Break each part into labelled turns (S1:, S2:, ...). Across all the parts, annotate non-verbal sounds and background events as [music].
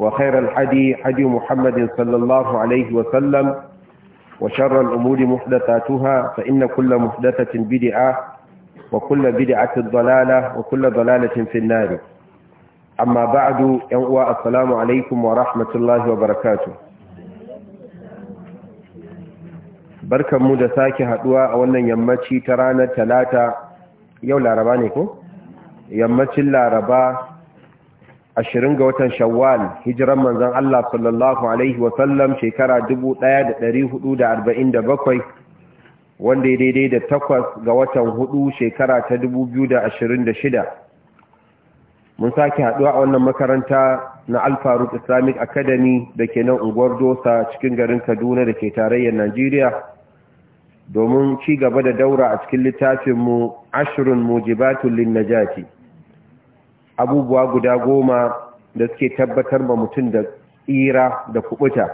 S1: وخير الحدي حدي محمد صلى الله عليه وسلم وشر الأمور محدثاتها فإن كل محدثة بدعة وكل بدعة ضلالة وكل ضلالة في النار أما بعد يوء السلام عليكم ورحمة الله وبركاته barkan mu da sake haduwa a wannan yammaci ta ranar talata yau laraba ne ko yammacin laraba ashirin ga watan shawwal hijiran manzon Allah sallallahu alaihi wasallam shekara 1447 wanda ya daidai da takwas ga watan hudu shekara ta da shida. mun sake haduwa a wannan makaranta na Al-Faruq Islamic Academy da ke nan unguwar Dosa cikin garin Kaduna da ke tarayyar Najeriya domin ci gaba da daura a cikin littafinmu ashirin Mu'jibatu linnajati abubuwa guda goma da suke tabbatar ma mutum da tsira da kubuta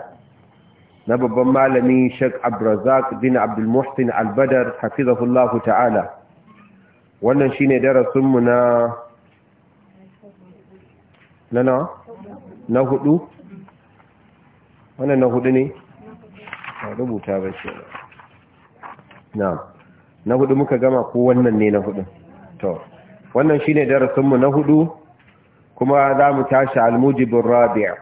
S1: na babban malami Sheikh Abdulrazak bin Abdulmuhsin albadar Al-Badar ta'ala wannan shi darasin mu na nana na hudu wannan na hudu ne a rubuta ba shi na na hudu muka gama ko wannan ne na hudu to wannan shine darasinmu na hudu kuma za mu tashi almujibin rabia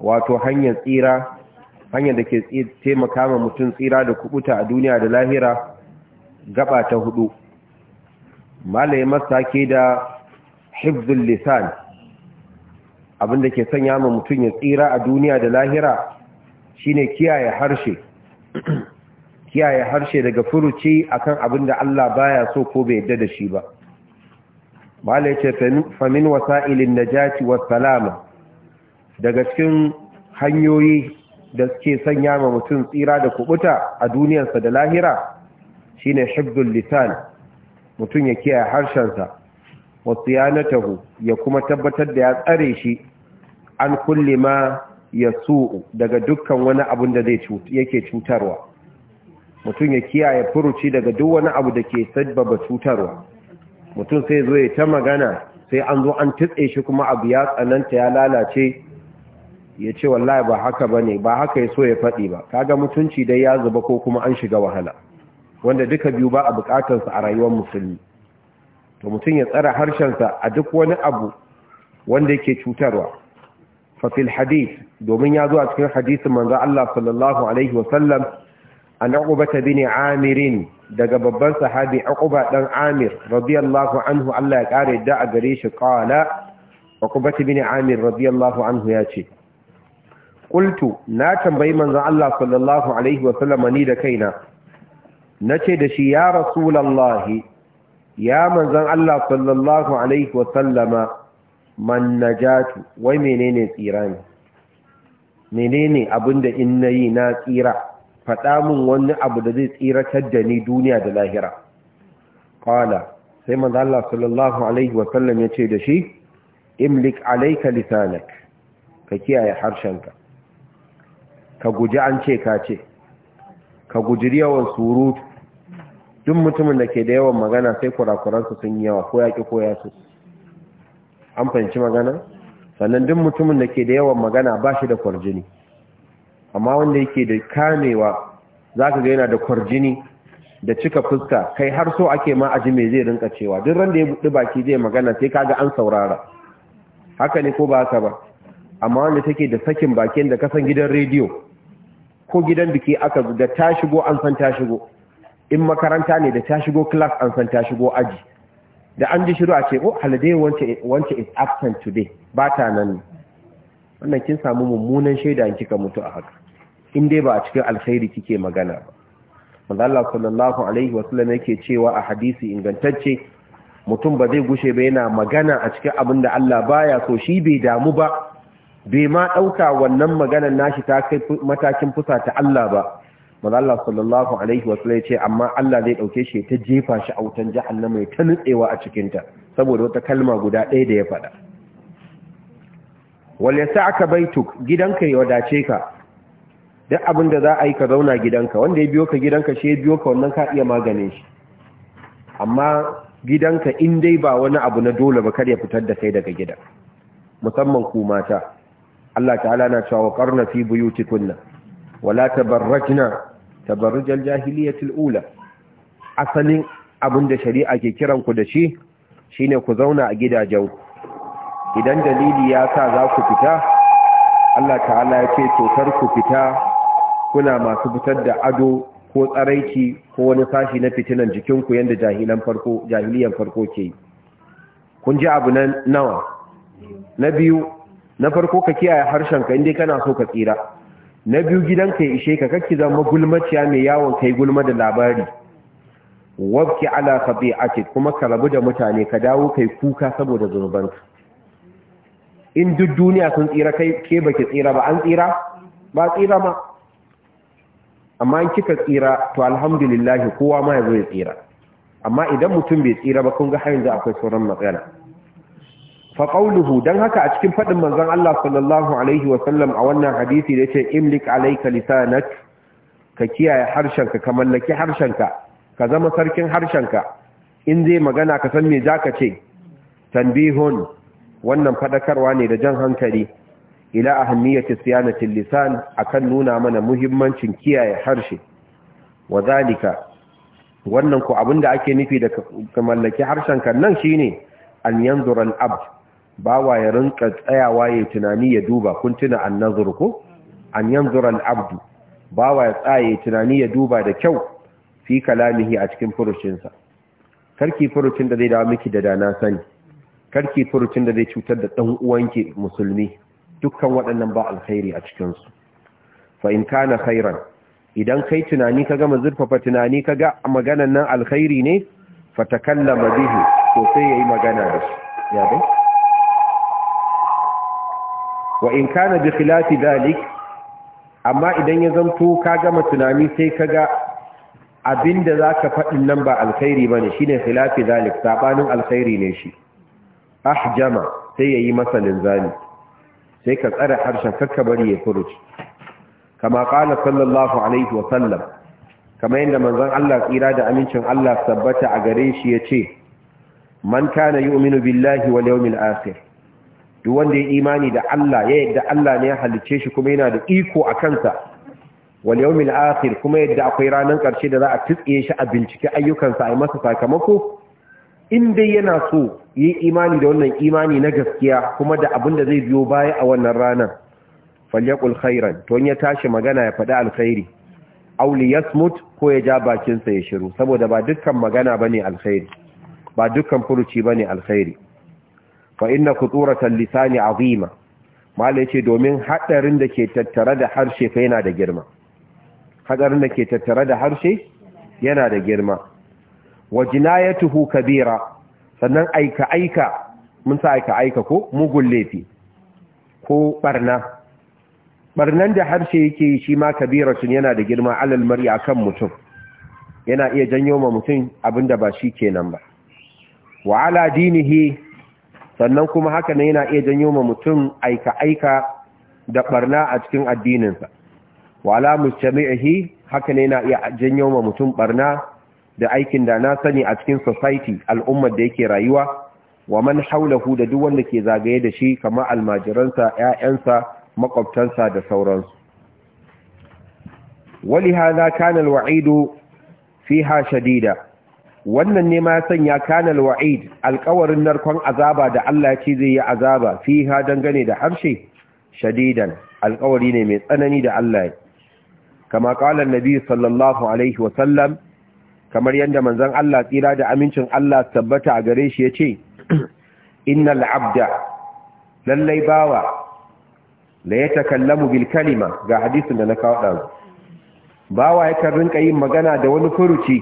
S1: wato hanyar tsira hanyar da ke taimaka ma mutum tsira da kubuta a duniya da lahira gaba ta hudu malaye masake da hifzul lisan abinda ke sanya ma mutum ya tsira a duniya da lahira shine kiyaye harshe kiyaye harshe daga furuci akan abinda Allah baya so ko bai yadda da shi ba malai ce famin wasa'ilin najati wa salama daga cikin hanyoyi da suke sanya ma mutum tsira da kubuta a duniyarsa da lahira shine hibdul lisan mutum ya kiyaye harshensa wa tsiyanatahu ya kuma tabbatar da ya tsare shi an kulle ma ya su daga dukkan wani abun da zai yake cutarwa mutum ya kiyaye furuci daga duk wani abu da ke sabbaba cutarwa mutum sai zo ya ta magana sai an zo an tutse shi kuma abu ya tsananta ya lalace ya ce wallahi ba haka ba ne ba haka ya so ya faɗi ba kaga mutunci dai ya zuba ko kuma an shiga wahala wanda duka biyu ba a bukatarsa a rayuwar musulmi to mutum ya tsara harshensa a duk wani abu wanda yake cutarwa fafil hadith domin ya zo a cikin hadisin manzo Allah sallallahu alaihi wasallam an ubata bin amirin daga babban sahabi Uqba dan Amir radiyallahu anhu Allah ya kare da a gare shi qala Uqba ibn Amir radiyallahu anhu ya qultu na tambayi manzon Allah sallallahu alaihi wa sallam ni da kaina nace da shi ya rasulullahi ya manzon Allah sallallahu alaihi wa sallama man najatu wai menene tsira ne menene abinda in nayi na tsira faɗa min wani abu da zai tsiratar da ni duniya da lahira qala sai manzo Allah sallallahu alaihi wa sallam yace da shi imlik alayka lisanak ka kiyaye harshenka ka guji an ce ka ce ka guji yawan surutu duk mutumin da ke da yawan magana sai kurakuransu sun yi yawa ko yaƙi ko su an fahimci magana sannan duk mutumin da ke da yawan magana ba shi da kwarjini amma wanda yake da kamewa zaka ga yana da kwarjini da cika fuska kai har so ake ma aji me zai rinka cewa duk randa ya buɗi baki zai magana sai kaga an saurara haka ne ko ba haka ba amma wanda take da sakin bakin da kasan gidan rediyo ko gidan biki aka da ta shigo an san ta shigo in makaranta ne da ta shigo class an san ta shigo aji da an ji shiru a ce oh holiday wance wance is absent today ba ta nan wannan kin samu mummunan shaida in kika mutu a haka in dai ba a cikin alkhairi kike magana ba manzo Allah sallallahu alaihi wasallam yake cewa a hadisi ingantacce mutum ba zai gushe ba yana magana a cikin abin da Allah baya so shi bai damu ba bai ma dauka wannan maganar nashi ta kai matakin fusa ta Allah ba manzo Allah sallallahu alaihi wasallam yace amma Allah zai dauke shi ta jefa shi a wutan jahannama ta nutsewa a cikin ta saboda wata kalma guda ɗaya da ya faɗa wal yasa'ka baituk gidanka ya wadace ka duk abin da za a yi ka zauna gidanka wanda ya biyo ka gidanka shi ya biyo ka wannan ka iya maganin shi amma gidanka in dai ba wani abu na dole ba kar ya fitar da kai daga gida musamman ku mata Allah ta'ala na cewa qarna fi buyutikunna wala tabarrajna tabarruj al-jahiliyyah al-ula asalin abin da shari'a ke kiran ku da shi shine ku zauna a ku. idan dalili ya sa za ku fita Allah ta'ala ya ce to kar ku fita kuna masu fitar da ado ko tsaraiki ko wani sashi na fitinan jikinku yadda jahilan farko jahiliyan farko ke yi kun ji abu na nawa na biyu na farko ka kiyaye harshenka inda kana so ka tsira na biyu gidanka ya ishe ka kakki zama gulmaciya mai yawon kai gulma da labari wabki ala ake kuma ka rabu da mutane ka dawo kai kuka saboda zunubanka in duk duniya sun tsira kai ke baki tsira ba an tsira ba tsira ma amma in kika tsira to alhamdulillah kowa ma yazo ya tsira amma idan mutum bai tsira ba kun ga har yanzu akwai sauran matsala fa qawluhu dan haka a cikin fadin manzon Allah sallallahu alaihi wa sallam a wannan hadisi da yake imlik alayka lisanak ka kiyaye harshenka ka mallaki harshenka ka zama sarkin harshenka in zai magana ka san me zaka ce tanbihun wannan fadakarwa ne da jan hankali ila ahammiyati siyanati lisan akan nuna mana muhimmancin kiyaye harshe Wazalika. wannan ku abinda ake nufi da ka mallaki harshen kan nan shine an yanzura abd bawa ya rinka tsayawa ya tunani ya duba kun tuna an-nazr ko an yanzura al bawa ya tsaye tunani ya duba da kyau fi kalamihi a cikin furucinsa karki furucin da zai dawo miki da dana sani karki furucin da zai cutar da dan uwanki musulmi dukkan waɗannan ba alkhairi a cikinsu fa in kana khairan idan kai tunani ka gama zurfafa tunani ka ga maganan nan alkhairi ne fa takallama bihi to ya yi magana da su. ya dai wa in kana bi filafi dalik amma idan ya zanto ka gama tunani sai ka ga abinda zaka faɗin nan ba alkhairi bane shine filafi dalik saɓanin alkhairi ne shi jama sai yayi masa linzami sai ka tsare harshen karka bari ya furuci kama kala sallallahu alaihi wa sallam kama yadda manzon Allah tsira da amincin Allah tabbata a gare shi ya ce man kana yu'minu billahi wal yawmil akhir duk wanda ya imani da Allah ya yadda Allah ne ya halicce shi kuma yana da iko a kansa wal yawmil akhir kuma yadda akwai ranar karshe da za a tsitsiye shi a bincike ayyukansa a yi masa sakamako in dai yana so yi imani da wannan imani na gaskiya kuma da abin da zai biyo baya a wannan ranar falyakul khairan to ya tashi magana ya faɗi alkhairi auli yasmut ko ya ja bakinsa ya shiru saboda ba dukkan magana bane alkhairi ba dukkan furuci bane alkhairi fa inna khuturatan lisani azima mallai ce, domin hadarin da ke tattare da harshe fa yana da girma hadarin da ke tattare da harshe yana da girma wa jinayatuhu kabira sannan aika aika mun sa aika aika ko mugun laifi ko barna barnan da harshe yake shi ma sun yana da girma alal mari akan mutum yana iya janyo ma mutum abinda ba shi kenan ba wa ala dinihi sannan kuma haka ne yana iya janyo ma mutum aika aika da barna a cikin addininsa wa ala mustami'ihi haka ne yana iya janyo ma mutum barna da aikin da na sani a cikin society al'ummar da yake rayuwa wa man haulahu da duk wanda ke zagaye da shi kamar almajiransa ƴaƴansa makwabtansa da sauransu ولهذا كان الوعيد fiha shadida wannan ne ma ya sanya kanal wa'id alƙawarin narkon azaba da Allah ce zai yi azaba fiha dangane da harshe shadidan alƙawari ne mai tsanani da Allah kama qala annabi sallallahu alaihi wa sallam kamar yadda manzon Allah tsira da amincin Allah tabbata a gare shi ya ce? [clears throat] innal abda lallai bawa la yatakallamu bil Bilkalima ga hadisin da na kawo dan bawa ya yakan rinka yin magana da wani furuci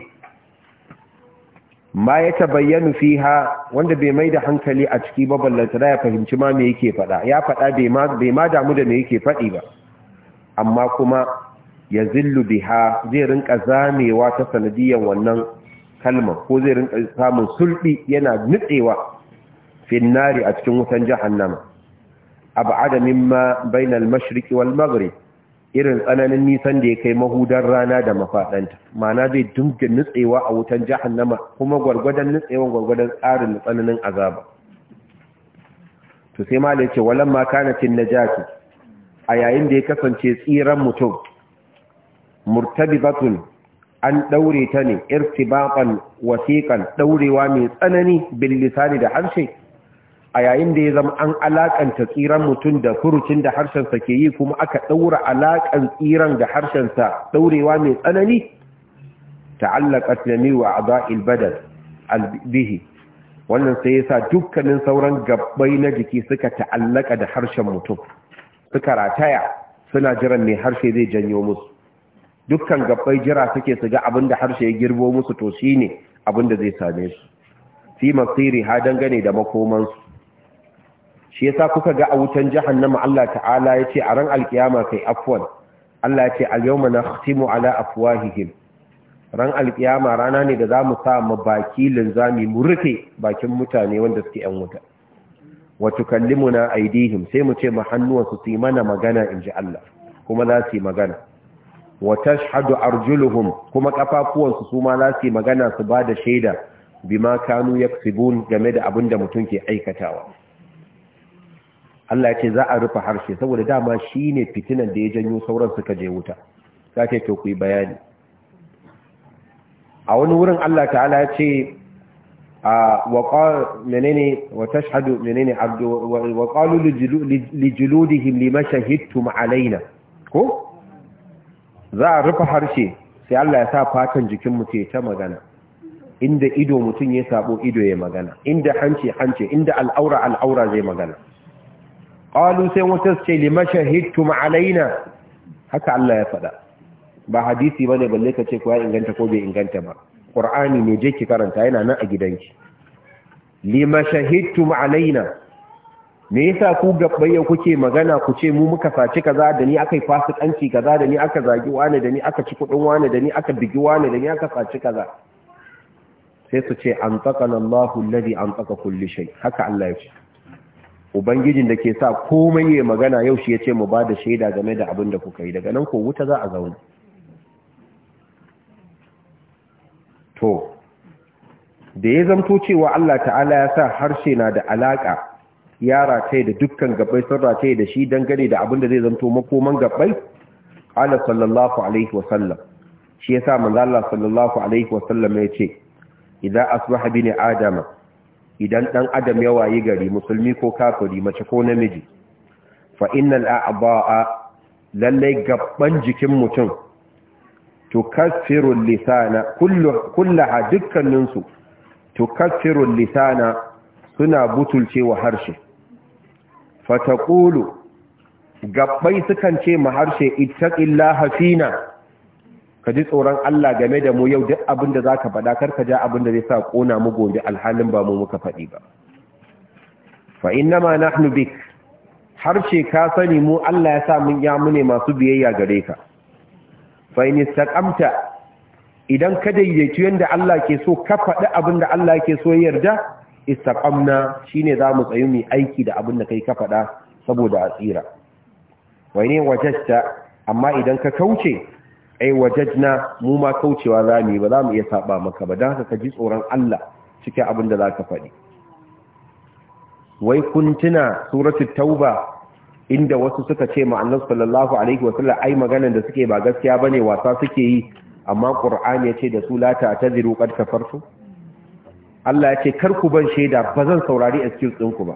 S1: ma ya ta fi fiha wanda bai mai da hankali a ciki ba ballanta da ya fahimci ma me yake faɗa ya faɗa bai ma damu da me yake faɗi ba amma kuma ya zillu biha zai rinka zamewa ta sanadiyan wannan kalma ko zai rinka samun sulbi yana nutsewa finnari a cikin wutan jahannama ab'ada mimma bainal mashriqi wal maghrib irin tsananin nisan da ya kai mahudar rana da mafadanta mana zai dinga nutsewa a wutan jahannama kuma gwargwadon nutsewan gwargwadon tsarin tsananin azaba to sai ma da yake walamma kana tin najati a yayin da ya kasance tsiran mutum murtabibatun an daure ta ne irtibaban wasiqan daurewa mai tsanani bil lisani da harshe a yayin da ya zama an alaƙanta tsiran mutum da furucin da harshensa ke yi kuma aka daura alakan tsiran da harshensa daurewa mai tsanani ta'allaqat wa a'dha'il badal bihi wannan sai yasa dukkanin sauran gabbai na jiki suka ta'allaka da harshen mutum suka rataya suna jiran mai harshe zai janyo musu dukkan gabbai jira suke su ga abin da harshe ya girbo musu to shi ne abin da zai same su fi masiri ha dangane da makomansu shi yasa kuka ga a wutan jahannama Allah ta'ala ya ce a ran alkiyama kai afwan Allah ya ce al-yawma nakhtimu ala afwahihim ran alkiyama rana ne da zamu sa mu baki linzami mu rufe bakin mutane wanda suke yan wuta kalli wa tukallimuna aydihim sai mu ce mu hannuwansu su yi mana magana inji Allah kuma za su yi magana wa tashhadu arjuluhum kuma kafafuwansu su ma za su magana su ba da shaida bima kanu game da abin da mutum ke aikatawa Allah ya ce za a rufe harshe saboda dama shine fitinan da ya janyo sauran suka je wuta za ta to ku bayani a wani wurin Allah ta'ala ya ce وتشهد منين وقالوا لجلودهم لما شهدتم ko za a rufe harshe sai Allah ya sa fatan jikin mutum ta magana inda ido mutum ya sabo ido ya magana inda hanci hanci inda al'aura al'aura zai magana qalu sai wata ce lima shahidtum alaina haka Allah ya faɗa ba hadisi bane balle ka ce ko ya inganta ko bai inganta ba qur'ani ne je ki karanta yana nan a gidanki lima shahidtum alaina me yasa ku gabbai kuke magana ku ce mu muka saci kaza da ni aka yi fasikanci kaza da ni aka zagi wani da ni aka ci kudin wani da ni aka bigi wani da ni aka saci kaza sai su ce an tsakana Allahu alladhi an tsaka kulli shay haka Allah ya ce ubangijin da ke sa komai ya magana yau shi ya ce mu ba da shaida game da abin da kuka yi daga nan ko wuta za a zauna to da ya zamto cewa Allah ta'ala ya sa harshe na da alaka ya rataye da dukkan gabbai sun rataye da shi dangane da abin da zai zanto makoman gabbai ala sallallahu alaihi wasallam shi yasa manzo Allah sallallahu alaihi wasallam ya ce idan asbaha bini adama idan dan adam ya wayi gari musulmi ko kafiri mace ko namiji fa innal a'dha'a lalle gabban jikin mutum tukaffiru lisana kullu kullaha dukkaninsu tukaffiru lisana suna butulcewa harshe fataqulu gabbai sukan ce mu harshe ita illa hafina ka ji tsoron Allah game da mu yau duk abin da zaka faɗa kar ka ja abin da zai sa kona mu gobe alhalin ba mu muka faɗi ba fa ma nahnu bik harshe ka sani mu Allah ya sa mun ya mune masu biyayya gare ka fa in istaqamta idan ka daidaitu yanda Allah ke so ka faɗi abin da Allah ke so yarda istaqamna shine zamu tsayu mu aiki da abin da kai ka faɗa saboda asira waine wajajta amma idan ka kauce ai wajajna mu ma kaucewa zamu yi ba zamu iya saba maka ba dan ka ji tsoron Allah cikin abin da zaka faɗi wai kuntuna suratul tauba inda wasu suka ce ma annabi sallallahu alaihi wasallam ai maganar da suke ba gaskiya bane wasa suke yi amma qur'ani ya ce da su la ta'tadiru qad kafartu Allah ya ce kar ku ban shaida ba zan saurari cikin tsinku ba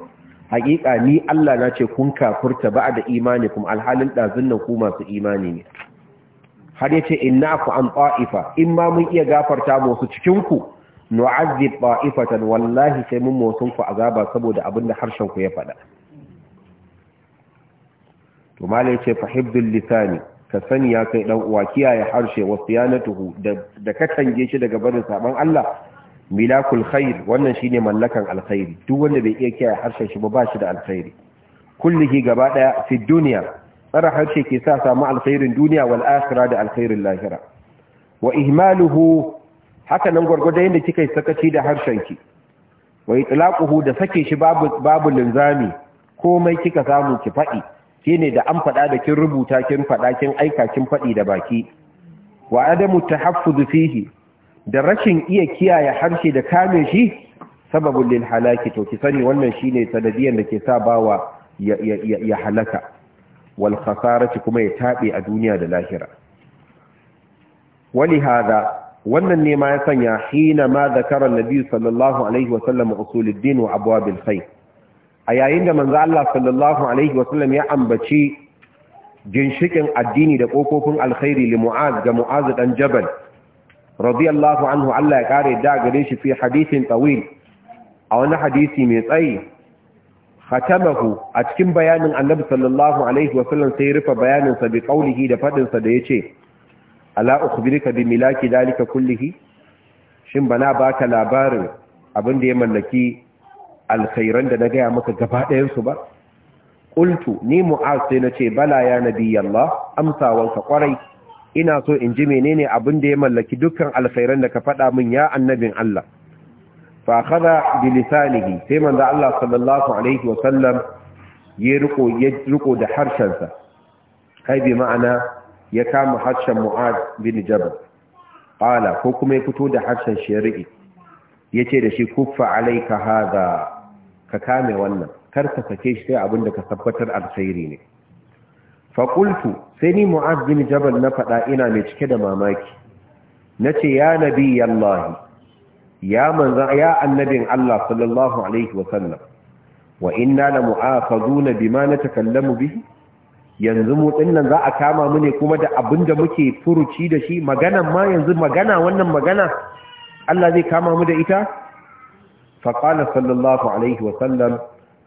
S1: hakika ni Allah na ce kun kafurta ba da imani kuma alhalin ɗazun nan ku masu imani ne har yace inna ku an ta'ifa in ma mun iya gafarta mu su cikin ku nu'azzib ta'ifatan wallahi sai mun motsin ku azaba saboda abin da harshen ku ya faɗa to malai yace fahibdul lisani ka sani ya kai dan uwa kiyaye harshe wa siyanatuhu da da katange shi daga barin saban Allah milakul khair wannan shine mallakan alkhairi duk wanda bai iya kiyaye harshen shi ba ba shi da alkhairi kullihi gaba daya fi duniya tsara harshe ke sa samu alkhairin duniya wal akhirah da alkhairin lahira wa ihmaluhu haka nan gurgurda yanda kika sakaci da harshen ki wa itlaquhu da sake shi babu babu linzami komai kika samu ki fadi shine da an fada da kin rubuta kin fada kin aika kin fadi da baki wa adamu tahaffuz fihi da rashin iya kiyaye harshe da kame shi sababin lil halaki to ki sani wannan shine sanadiyan da ke sa bawa ya halaka wal khasarati kuma ya tabe a duniya da lahira wali hada wannan ne ma ya sanya hina ma zakara annabi sallallahu alaihi wa sallam usuluddin wa abwabil khair a yayin da manzo Allah sallallahu alaihi wa sallam ya ambaci ginshikin addini da ƙofofin alkhairi li mu'az ga mu'az dan jabal radiyallahu anhu Allah ya kare da gare shi fi hadisin tawil a wani hadisi mai tsayi khatamahu a cikin bayanin annabi sallallahu alaihi wa sallam sai rufe bayanin sa bi da fadin sa da yace ala ukhbirika bi milaki dalika kullihi shin bana baka labarin abin da ya mallaki alkhairan da na gaya maka gaba ɗayan ba qultu ni mu'az sai nace bala ya nabi Allah amsawanka kwarai ina so in ji menene abin da ya mallaki dukkan alkhairan da ka faɗa min ya annabin Allah fa akhadha bi lisanihi sai manzo Allah sallallahu alaihi wa sallam ya riko ya riko da harshen sa kai bi ma'ana ya kama harshen Mu'ad bin Jabal qala ko kuma ya fito da harshen shari'i yace da shi kuffa alayka hadha ka kame wannan kar ka sake shi sai abin da ka tabbatar alkhairi ne fa qultu sai ni mu'az bin jabal na faɗa ina mai cike da mamaki na ce ya nabi yallahi ya manzan ya annabin Allah sallallahu alaihi wasallam wa inna la mu'akhaduna bima natakallamu bihi yanzu mu nan za a kama mu ne kuma da da muke furuci da shi maganan ma yanzu magana wannan magana Allah zai kama mu da ita fa qala sallallahu alaihi wa sallam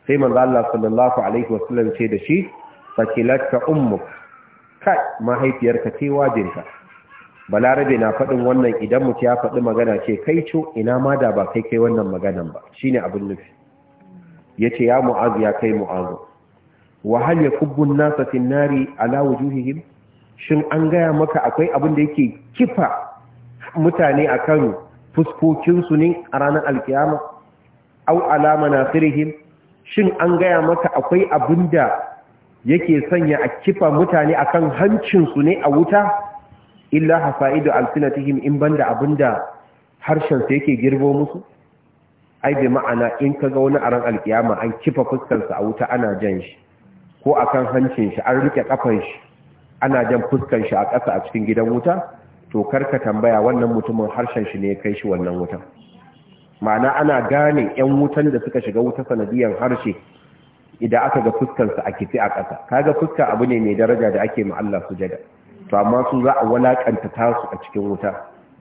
S1: sai manzo Allah sallallahu alaihi wasallam ce da shi fakilatka ummuk kai mahaifiyarka ce wajinka balarabe na faɗin wannan idan mutu ya faɗi magana ce kai co ina ma da ba kai kai wannan maganan ba shine abin nufi ya ce ya mu'azu ya kai mu'azu wahal ya kubbun nasa finnari ala wujuhihim shin an gaya maka akwai abin da yake kifa mutane akan fuskokinsu ne a ranar alkiyama au alama na sirihim shin an gaya maka akwai abin da yake sanya a kifa mutane akan hancinsu ne a wuta illa hasa'idu alsinatihim in banda abinda harshensu yake girbo musu ai bai ma'ana in ka ga wani aran alkiyama an kifa fuskarsa a wuta ana jan shi ko akan hancin shi an rike kafan shi ana jan fuskar shi a ƙasa a cikin gidan wuta to kar ka tambaya wannan mutumin harshen shi ne ya kai shi wannan wutan ma'ana ana gane 'yan wutan da suka shiga wuta sanadiyar harshe idan aka ga fuskarsa a kifi a ƙasa kaga fuska abu ne mai daraja da ake ma Allah sujada to amma su za a walakanta tasu a cikin wuta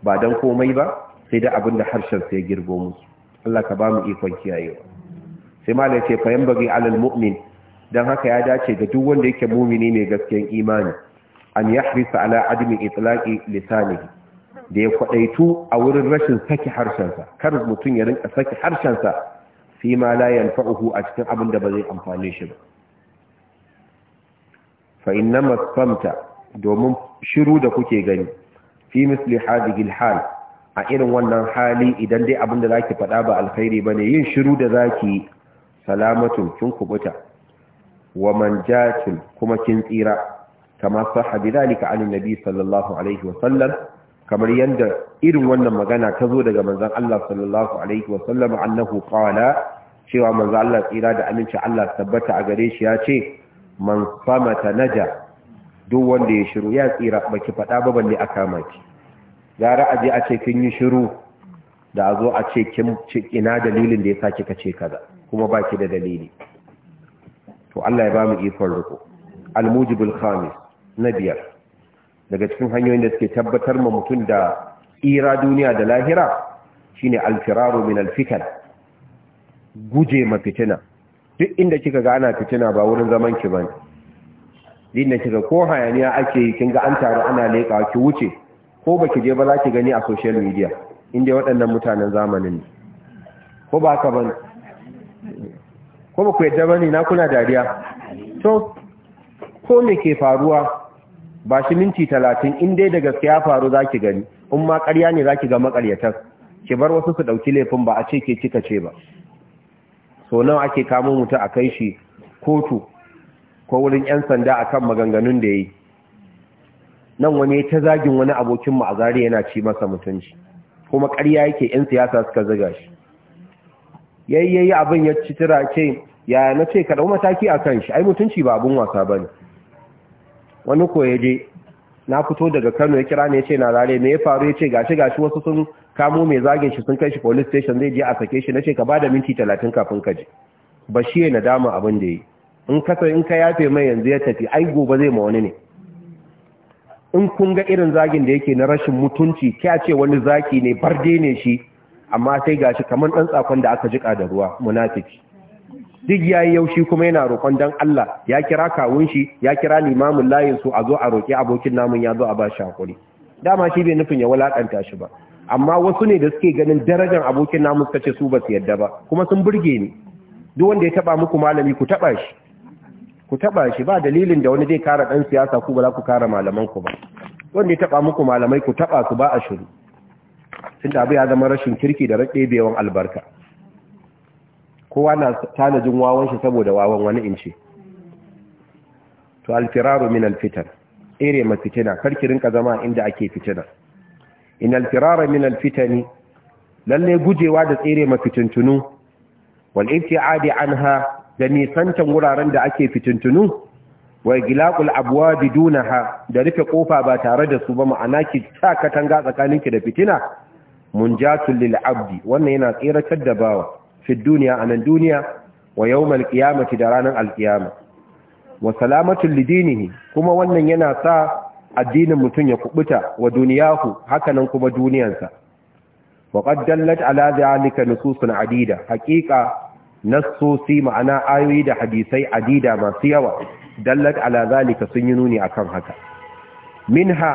S1: ba dan komai ba sai da abin da harshen sai girgo musu Allah ka ba mu ikon kiyayewa sai malai ce fa bagi alal mu'min dan haka ya dace da duk wanda yake mumini mai gaskiyar imani an yahrisa ala adami itlaqi lisanihi da ya kwadaitu a wurin rashin saki harshen sa, kar mutum ya rinka saki harshen sa. fi ma la yanfa'uhu a cikin abin da ba zai amfane shi ba fa innama samta domin shiru da kuke gani fi misli hadhihi hal a irin wannan hali idan dai abin da zaki faɗa ba alkhairi bane yin shiru da zaki salamatu kin kubuta wa manjatun kuma kin tsira kama sahha dalika an nabi sallallahu alaihi wa sallam kamar yadda irin wannan magana ta zo daga manzan Allah sallallahu alaihi wasallam annahu qala cewa manzan Allah tsira da amince Allah tabbata a gare shi ya ce man samata naja duk wanda ya shiru ya tsira baki faɗa ba balle a kama ki gara aje a ce kin yi shiru da a zo a ce kin ina dalilin da ya sa kika ce kaza kuma baki da dalili to Allah ya ba mu ikon riko al-mujibul khamis na biyar daga cikin hanyoyin da suke tabbatar ma mutum da tsira duniya da lahira shine alfiraru min alfitan guje ma fitina duk inda kika ga ana fitina ba wurin zaman ki bane din da kika ko hayaniya ake yi kin an taru ana leka ki wuce ko baki je ba za ki gani a social media inda waɗannan mutanen zamanin ne ko ba ka bane ko ba ku yadda bane na kuna dariya to ko me ke faruwa ba shi minti talatin in dai da gaske ya faru za ki gani in ma karya ne za ki ga maƙaryatar ki bar wasu su ɗauki laifin ba a ce ke kika ce ba so nawa ake kamo mutum a kai shi kotu ko wurin 'yan sanda a kan maganganun da ya yi nan wani ta zagin wani abokin abokinmu a zari yana ci masa mutunci kuma ƙarya yake 'yan siyasa suka ziga shi yayi yayi abin ya ci tira ce ya na ce ka ɗau mataki a kan shi ai mutunci ba abin wasa ba ne wani ko ya je na fito daga Kano ya kira ne ya ce na zare me ya faru ya ce gashi gashi wasu sun kamo mai zagin shi sun kai shi police station zai je a sake shi Na ce ka bada minti talatin kafin ka je shi ya nadama abin da ya yi in ka in ka yafe mai yanzu ya tafi ai gobe zai ma wani ne in kun ga irin zagin da yake na rashin mutunci kya ce wani zaki ne barde ne shi amma sai gashi kamar dan tsakon da aka jika da ruwa munafiki duk yayi yaushi kuma yana roƙon dan Allah ya kira kawun shi ya kira limamin layin su a zo a roƙi abokin namun ya zo a ba shi hakuri dama shi bai nufin ya walakanta shi ba amma wasu ne da suke ganin darajar abokin namun suka ce su ba su yadda ba kuma sun burge ni duk wanda ya taba muku malami ku taba shi ku taba shi ba dalilin da wani zai kara dan siyasa ku ba za ku kara malaman ku ba wanda ya taba muku malamai ku taba su ba a shiru tunda abu ya zama rashin kirki da raɗebewan albarka kowa na tanajin wawon shi saboda wawan wani inci to alfiraru min alfitan ere ma fitina karki rinka zama inda ake fitina in alfirara min alfitani lalle gujewa da tsere ma fitintunu wal ibtiadi anha da nisantan wuraren da ake fitintunu wa gilaqul abwabi dunaha da rufe kofa ba tare da su ba ma'ana ki ta katanga tsakaninki da fitina munjatul lil abdi wannan yana tsiratar da bawa fi duniya a nan duniya wa yawmal qiyamati da ranar alkiyama wa salamatul lidinihi kuma wannan yana sa addinin mutum ya kubuta wa duniyahu hakanan kuma duniyarsa wa qad dallat ala zalika nususun adida haqiqa nassosi ma'ana ayoyi da hadisai adida masu yawa dallat ala zalika sun yi nuni akan haka minha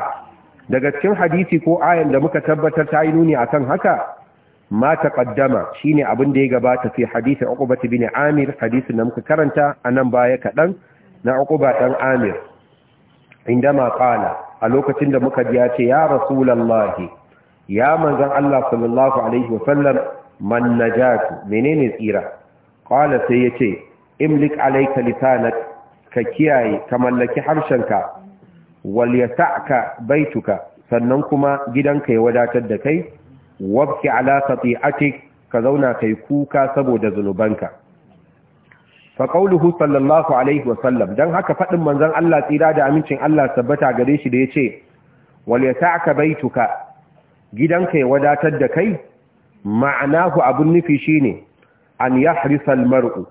S1: daga cikin hadisi ko ayan da muka tabbatar ta yi nuni akan haka ma taqaddama shine abin da ya gabata fi hadisi Uqba bin Amir hadisin da muka karanta anan baya kadan na Uqba dan Amir indama qala a lokacin da muka biya ce ya rasulullahi ya manzon Allah sallallahu alaihi wa sallam man najatu menene tsira qala sai yace imlik alayka lisanak ka kiyaye ka mallaki harshenka wal yasaka baituka sannan kuma gidanka ya wadatar da kai wabki ala khati'atik ka zauna kai kuka saboda zunubanka fa qawluhu sallallahu alaihi wasallam dan haka fadin manzon Allah tsira da amincin Allah tabbata gare shi da ya yace wal yata'ka baituka gidanka ya wadatar da kai ma'anahu abin nufi shine an yahrisal mar'u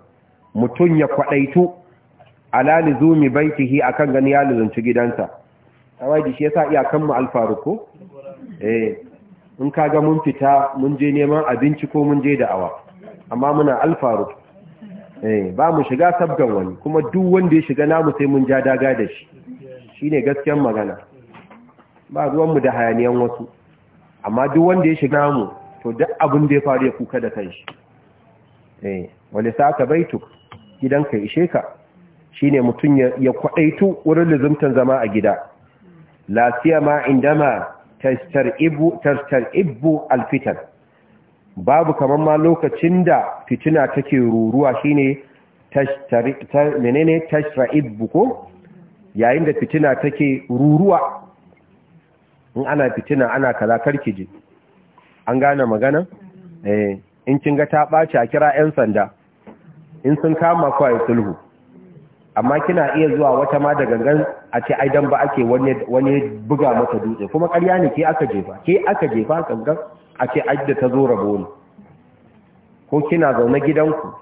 S1: mutun ya kwadaitu ala lizumi baitihi akan gani ya lizunci gidansa kawai shi yasa iyakan mu alfaruko eh in kaga mun fita mun je neman abinci ko mun je da awa amma muna alfaru eh ba mu shiga sabgan wani kuma duk wanda ya shiga namu sai mun ja daga da shi shine gaskiyar magana ba ruwan mu da hayaniyan wasu amma duk wanda ya shiga namu to duk abin da ya faru ya kuka da kanshi eh wani saka baitu ka ishe ka shine mutum ya kwadaitu wurin lizumtan zama a gida la siyama indama tastar'ibu alfitan babu kamar ma lokacin da fitina take ruruwa shine menene tastar'ibu ko yayin da fitina take ruruwa in ana fitina ana kalakar kiji an gane magana eh in kin ga ta ɓaci a kira 'yan sanda in sun kama ku a sulhu amma kina iya zuwa wata ma da gangan a ce ai dan ba ake wani buga mata dutse kuma ƙarya ne ke aka jefa ke aka jefa gangan a ce ai ta zo rabo ne ko kina zaune gidanku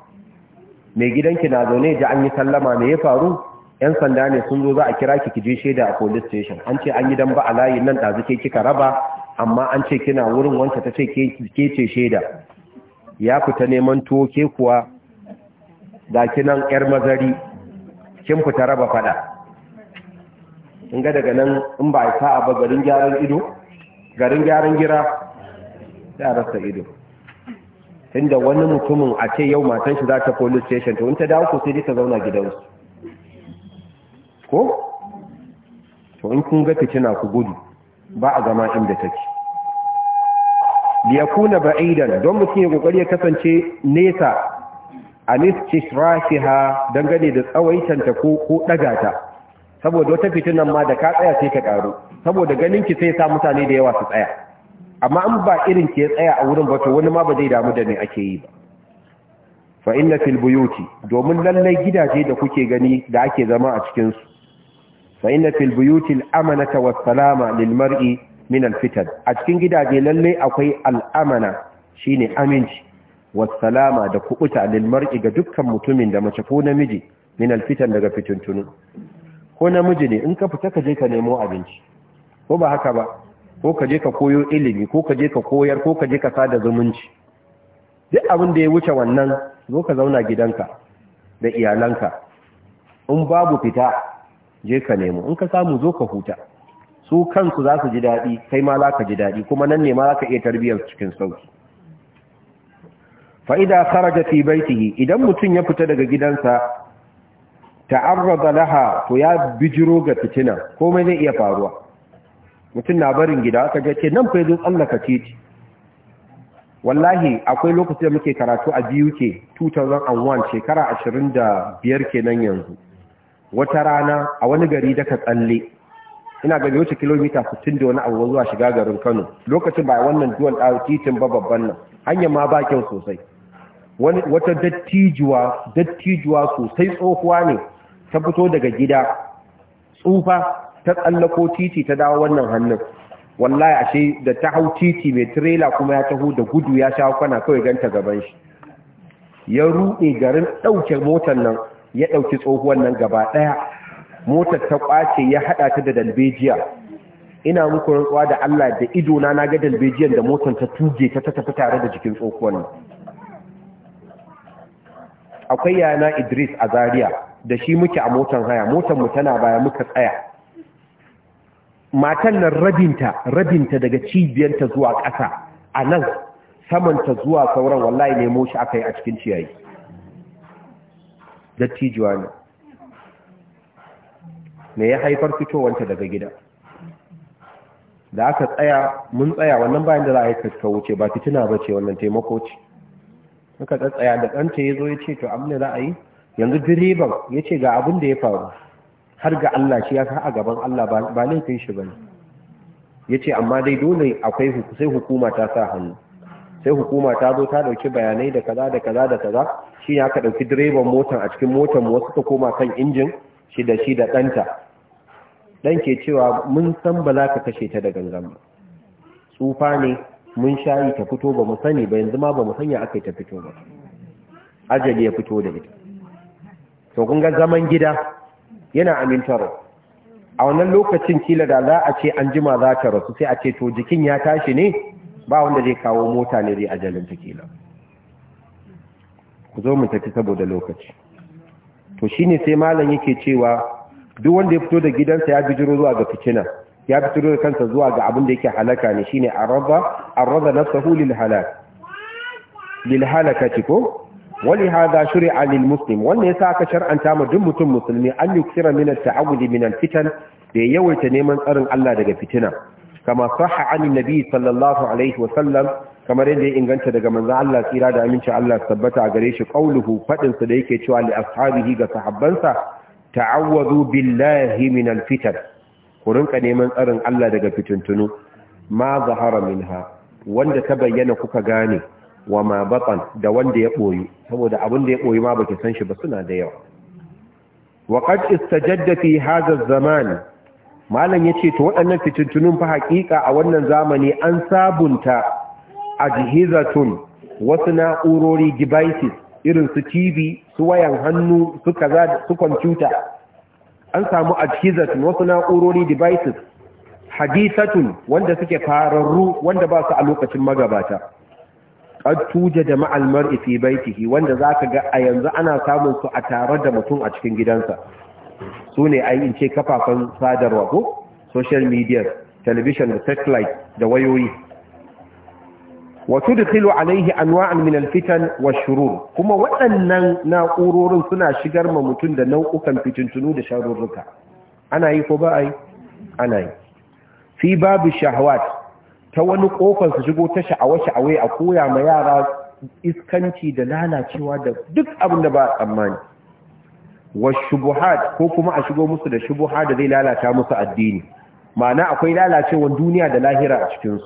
S1: mai gidanki na zaune da an yi sallama me ya faru yan sanda ne sun zo za a kira ki kije shaida a police station an ce an yi dan ba a layin nan ɗazu ke kika raba amma an ce kina wurin wanta ta ce ke ce shaida ya fita neman tuwo ke kuwa ga kinan yar mazari kin fita raba fada in ga daga nan in ba a sa'a ba garin gyaran ido garin gyaran gira ya rasa ido tunda wani mutumin a ce yau matan shi za ta police station to in ta dawo ko sai ta zauna gidansu ko to in kun ga fitina ku gudu ba a zama inda take liyakuna ba'idan don mutum ya kokari ya kasance nesa don dangane da tsawaitanta ko ko ɗaga ta saboda wata fitinan ma da ka tsaya sai ka karu saboda ganin ki sai sa mutane da yawa su tsaya amma an ba irin ki ya tsaya a wurin ba to wani ma ba zai damu da me ake yi ba fa inna fil domin lallai gidaje da kuke gani da ake zama a cikin su fa inna fil buyuti al amanata was salama lil min al fitan a cikin gidaje lallai akwai al amana shine aminci salama da kubuta lil mar'i ga dukkan mutumin da mace ko namiji min alfitan daga fitintunu ko namiji ne in ka fita ka je ka nemo abinci ko ba haka ba ko ka je ka koyo ilimi ko ka je ka koyar ko ka je ka sada zumunci duk abin da ya wuce wannan zo ka zauna gidanka da iyalanka in babu fita je ka nemo in ka samu zo ka huta su kansu za su ji daɗi kai ma za ka ji daɗi kuma nan ne ma za ka iya tarbiyyar cikin sauki fa'ida kharaja fi baitihi idan mutum ya fita daga gidansa ta'arrada laha to ya bijiro ga fitina komai zai iya faruwa mutum na barin gida aka ga ce nan fa yazo tsallaka titi wallahi akwai lokacin da muke karatu a BUK 2001 shekara 25 kenan yanzu wata rana a wani gari daga tsalle ina ga wuce kilomita 60 da wani abu zuwa shiga garin Kano lokacin ba wannan duwan ah, titin ba babban nan hanyar ma ba kyau sosai wata dattijuwa dattijuwa sosai tsohuwa ne ta fito daga gida tsufa ta tsallako titi ta dawo wannan hannun wallahi ashe da ta hau titi mai tirela kuma ya taho da gudu ya sha kwana kawai ganta gaban shi ya ruɗe garin ɗauke motar nan ya ɗauki tsohuwan nan gaba ɗaya motar ta ƙwace ya haɗa ta da dalbejiya ina muku rantsuwa da Allah da idona na ga dalbejiyan da motar ta tuge ta ta tafi tare da jikin tsohuwan nan akwai yana Idris a Zariya da shi muke a motan haya motan mu tana baya muka tsaya matan nan rabinta rabinta daga cibiyarta zuwa ƙasa a nan samanta zuwa sauran wallahi nemo shi aka yi a cikin ciyayi dattijuwa ne me ya haifar fitowanta daga gida da aka tsaya mun tsaya wannan bayan da za a yi kaskawo wuce ba fitina ba ce wannan taimako ce suka tsatsaya da ɗanta ya zo ya ce to abin da za yi yanzu direban ya ce ga abin da ya faru har ga Allah shi ya sa a gaban Allah ba laifin shi ba ne ya ce amma dai dole akwai sai hukuma ta sa hannu sai hukuma ta zo ta ɗauki bayanai da kaza da kaza da kaza shi ya ka ɗauki direban motar a cikin motar wasu ta koma kan injin shi da shi da ɗanta ɗan ke cewa mun san ba za ka kashe ta da gangan ba tsufa ne mun shayi ta fito ba mu sani ba yanzu ma ba mu sanya aka ta fito ba ajali ya fito da ita to kun ga zaman gida yana amintar a wannan lokacin kila da za a ce an jima za ta rasu sai a ce to jikin ya tashi ne ba wanda zai kawo mota ne zai ajalin ta kila ku zo mu tafi saboda lokaci to shine sai malam yake cewa duk wanda ya fito da gidansa ya bijiro zuwa ga fitina ya fito da kansa zuwa ga abin da yake halaka ne shine arada arada nafsuhu lil halak lil halakati ko wali hada shuri'a lil muslim wannan yasa aka shar'anta ma duk mutum musulmi an yukira min at-ta'awud min al-fitan da yawaita neman tsarin Allah daga fitina kama sahha anin nabi sallallahu alaihi wa sallam kamar yadda ya inganta daga manzon Allah tsira da aminci Allah tabbata a gare shi qauluhu fadin sa da yake cewa li ashabihi ga sahabbansa ta'awadu billahi min al-fitan ku rinka neman tsarin Allah daga fitintunu ma zahara minha wanda ta bayyana kuka gane wa ma batan da wanda ya boyi saboda abin da ya boyi ma baki san shi ba suna da yawa wa qad istajadda fi hadha zaman malam yace to waɗannan fitintunun fa haƙiƙa a wannan zamani an sabunta ajhizatun wasu na'urori devices irin su TV su wayan hannu su kaza su kwamfuta an samu ajhizatun wasu na'urori devices hadisatun wanda suke fararru wanda ba su a lokacin magabata qad da ma'al mar'i fi baitihi wanda zaka ga a yanzu ana samun su a tare da mutum a cikin gidansa sune ai in ce kafafen sadarwa ko social media television da satellite da wayoyi wa tudkhilu alaihi anwa'an minalfitan wa washurur kuma waɗannan na'urorin suna shigar ma mutum da nau'ukan fitintunu da sharurruka ana yi ko ba yi ana yi fi babu shahawat ta wani ƙofar su shigo ta sha'awa-sha'awa a koya ma yara iskanci da lalacewa da duk abin da ba a tsammani wa shubuhat ko kuma a shigo musu da shubuha da zai lalata musu addini ma'ana akwai lalacewar duniya da lahira a cikinsu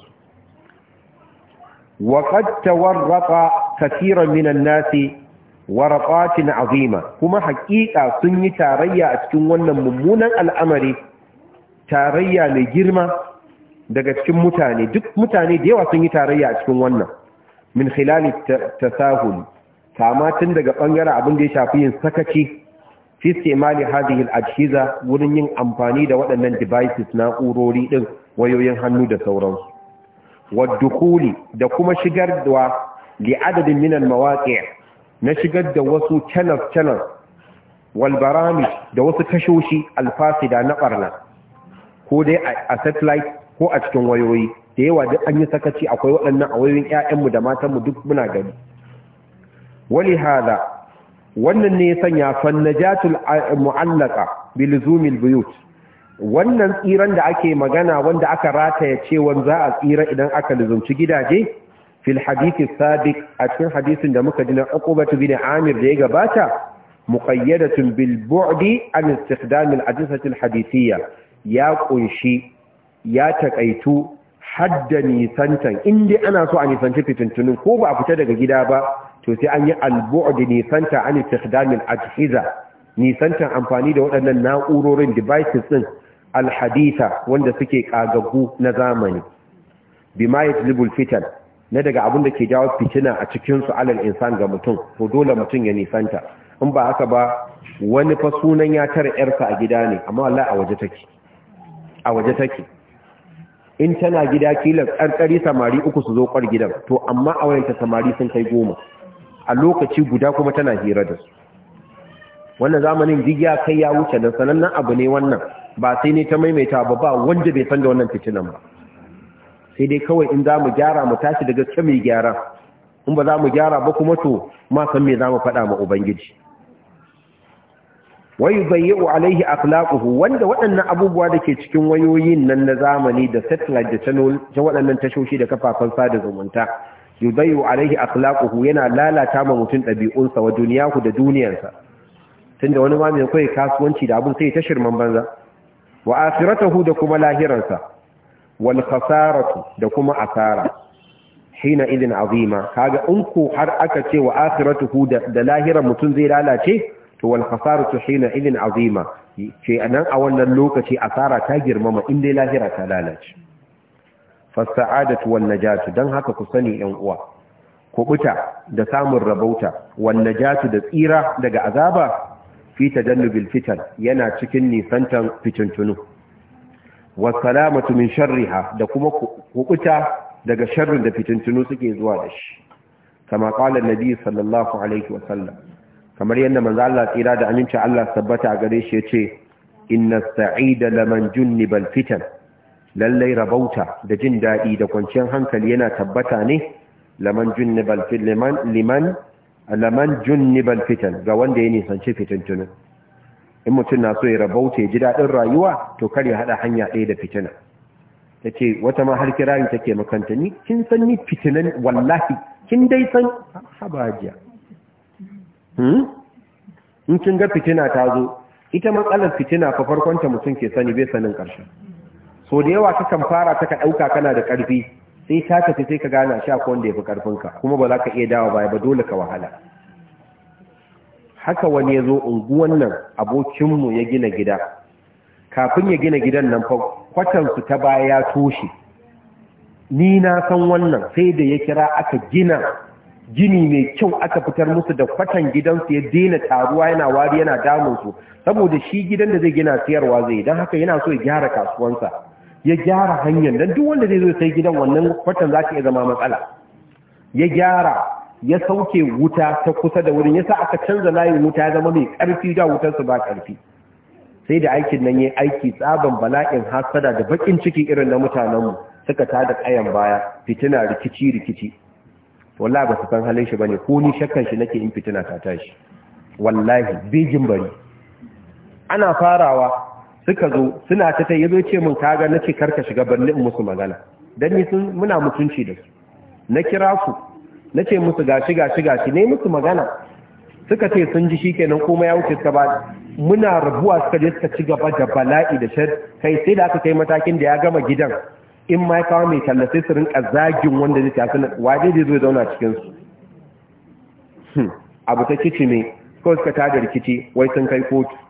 S1: وقد na كثيرا من الناس sun yi كما a cikin تاريا mummunan al'amari, tarayya mai girma, daga cikin mutane duk mutane da yawa sun yi tarayya a cikin wannan min khilali tasahul kama tun daga bangaren abin da ya shafi yin sakaci fi istimali hadhihi al-ajhiza wurin yin amfani da waɗannan devices na'urori din wayoyin hannu da sauransu waddukuli da kuma shigar da li adadin minan mawaƙi na shigar da wasu channel-channel walbarami da wasu tashoshi alfasida na ɓarna ko dai a satellite ko a cikin wayoyi da yawa duk an yi sakaci akwai waɗannan a wayoyin 'ya'yanmu da matanmu duk muna gani Wani hada wannan ne ya sanya fannajatul mu'allaka bi luzumil buyut wannan tsiran da ake magana wanda aka rataya cewan za a tsira idan aka lizunci gidaje fil hadithi sabiq a cikin hadisin da muka ji na uqubatu bin amir da ya gabata muqayyadatun bil bu'di an istikdam al ajisati hadithiyya ya kunshi ya takaitu hadda nisantan inda ana so a nisanci fitintunin ko ba a fita daga gida ba to sai an yi al bu'di nisanta an istikdam al ajhiza nisantan amfani da waɗannan na'urorin devices din alhaditha wanda suke kagaggu na zamani bima yatlibul fitan na daga abun da ke jawo fitina a cikin su alal insan ga mutum ko dole mutum ya nisanta in ba haka ba wani fa sunan ya tare yarsa a gida ne amma wallahi a waje take a waje take in tana gida kila karkari samari uku su zo kwar gidan to amma a wayanta samari sun kai goma a lokaci guda kuma tana hira da su wannan zamanin jigiya kai ya wuce da sanannen abu ne wannan ba sai ne ta maimaita ba ba wanda bai san da wannan fitinan ba sai dai kawai in za mu gyara mu tashi daga ce mai gyara in ba za mu gyara ba kuma to ma san me za mu faɗa ma ubangiji wayu bayyu alaihi akhlaquhu wanda waɗannan abubuwa da ke cikin wayoyin nan na zamani da satellite da channel da waɗannan tashoshi da kafafen sada zumunta yubayyu alaihi akhlaquhu yana lalata ma mutum ɗabi'unsa wa duniyahu da duniyarsa tunda wani ma mai kai kasuwanci da abun sai ta shirman banza wa asiratahu da kuma lahiransa, wal khasaratu da kuma asara hina idin azima kaga in ko har aka ce wa akhiratuhu da lahiran mutum zai lalace to wal khasaratu hina idin azima ce anan a wannan lokaci asara ta girmama in dai lahira ta lalace fasta'adatu wal najatu dan haka ku sani yan uwa kubuta da samun rabauta wal najatu da tsira daga azaba fi tajannubil fitan yana cikin nisantan fitintunu wa salamatu min sharriha da kuma kukuta daga sharrin da fitintunu suke zuwa da shi kama qala annabi sallallahu alaihi wa sallam kamar yadda manzo Allah tsira da aminci Allah sabbata a gare shi yace inna sa'ida laman junnibal fitan lallai rabauta da jin dadi da kwanciyar hankali yana tabbata ne laman junnibal fitan liman alaman junnibal fitan ga wanda ya nisanci fitintunin in mutum na so ya rabauta ya ji daɗin rayuwa to kar ya haɗa hanya ɗaya da fitina ta ce wata ma har ta take makanta ni kin san ni fitinan wallahi kin dai san habajiya hmm? in kin ga fitina ta zo ita matsalar fitina fa farkonta mutum ke sani bai sanin ƙarshe. so da yawa kakan fara kaka ɗauka kana da ƙarfi sai ka tafi sai ka gana sha ko wanda ya fi karfinka kuma ba za ka iya dawa baya ba dole ka wahala haka wani ya zo unguwan nan abokinmu ya gina gida kafin ya gina gidan nan fa kwatansu ta baya ya toshe ni na san wannan sai da ya kira aka gina gini mai kyau aka fitar musu da kwatan gidansu ya daina taruwa yana wari yana damunsu saboda shi gidan da zai gina siyarwa zai don haka yana so ya gyara kasuwansa ya gyara hanyar don duk wanda zai zo sai gidan wannan kwatan za ta iya zama matsala ya gyara ya sauke wuta ta kusa da wurin ya sa aka canza layin wuta ya zama mai karfi da wutar su ba karfi sai da aikin nan yayi aiki tsaban bala'in hasada da bakin ciki irin na mutanenmu mu suka da kayan baya fitina rikici rikici wallahi ba su san halin shi bane ko ni shakkan shi nake in fitina ta tashi wallahi bijin bari ana farawa suka zo suna ta ta yazo ce mun kaga nace karka shiga banni in musu magana dan ni sun muna mutunci da su na kira su nace musu gashi gashi gashi ne musu magana suka ce sun ji shikenan kuma ya wuce ta ba muna rabuwa suka je suka ci gaba da bala'i da shar kai sai da aka kai matakin da ya gama gidan in ma kawo mai talla sai su rinka zagin wanda zai tafi waje zai zo ya zauna cikin su hmm. abu ta kici ne ko suka tada rikici wai sun kai kotu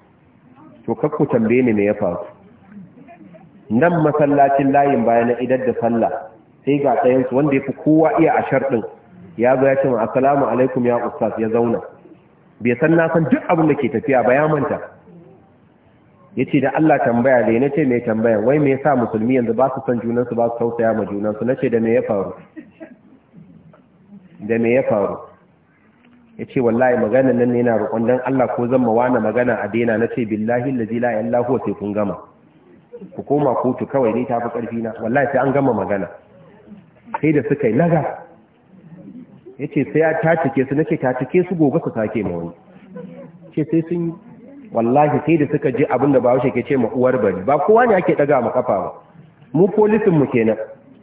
S1: to kakku tambaye ni me ya faru nan masallacin layin baya na idar da sallah sai ga tsayansu wanda ya fi kowa iya a sharɗin ya zo ya ce ma assalamu alaikum ya ustaz ya zauna bai san na san duk abin da ke tafiya ba ya manta ya ce da Allah tambaya da na ce mai tambaya wai me yasa musulmi yanzu ba su san junansu ba su tausaya ma junansu na da me ya faru da me ya faru ya ce wallahi magana nan ne na roƙon don Allah ko zan mawana magana a daina na ce billahi lazi la yan sai kun gama ku koma kotu kawai ne ta fi ƙarfi na wallahi sai an gama magana sai da suka yi laga ya ce sai ya tacike su nake cike su gobe su sake ma wani ce sai sun wallahi sai da suka je abin da bawashe ke ce ma uwar bari ba kowa ne ake ɗaga ma kafa ba mu polisin mu kenan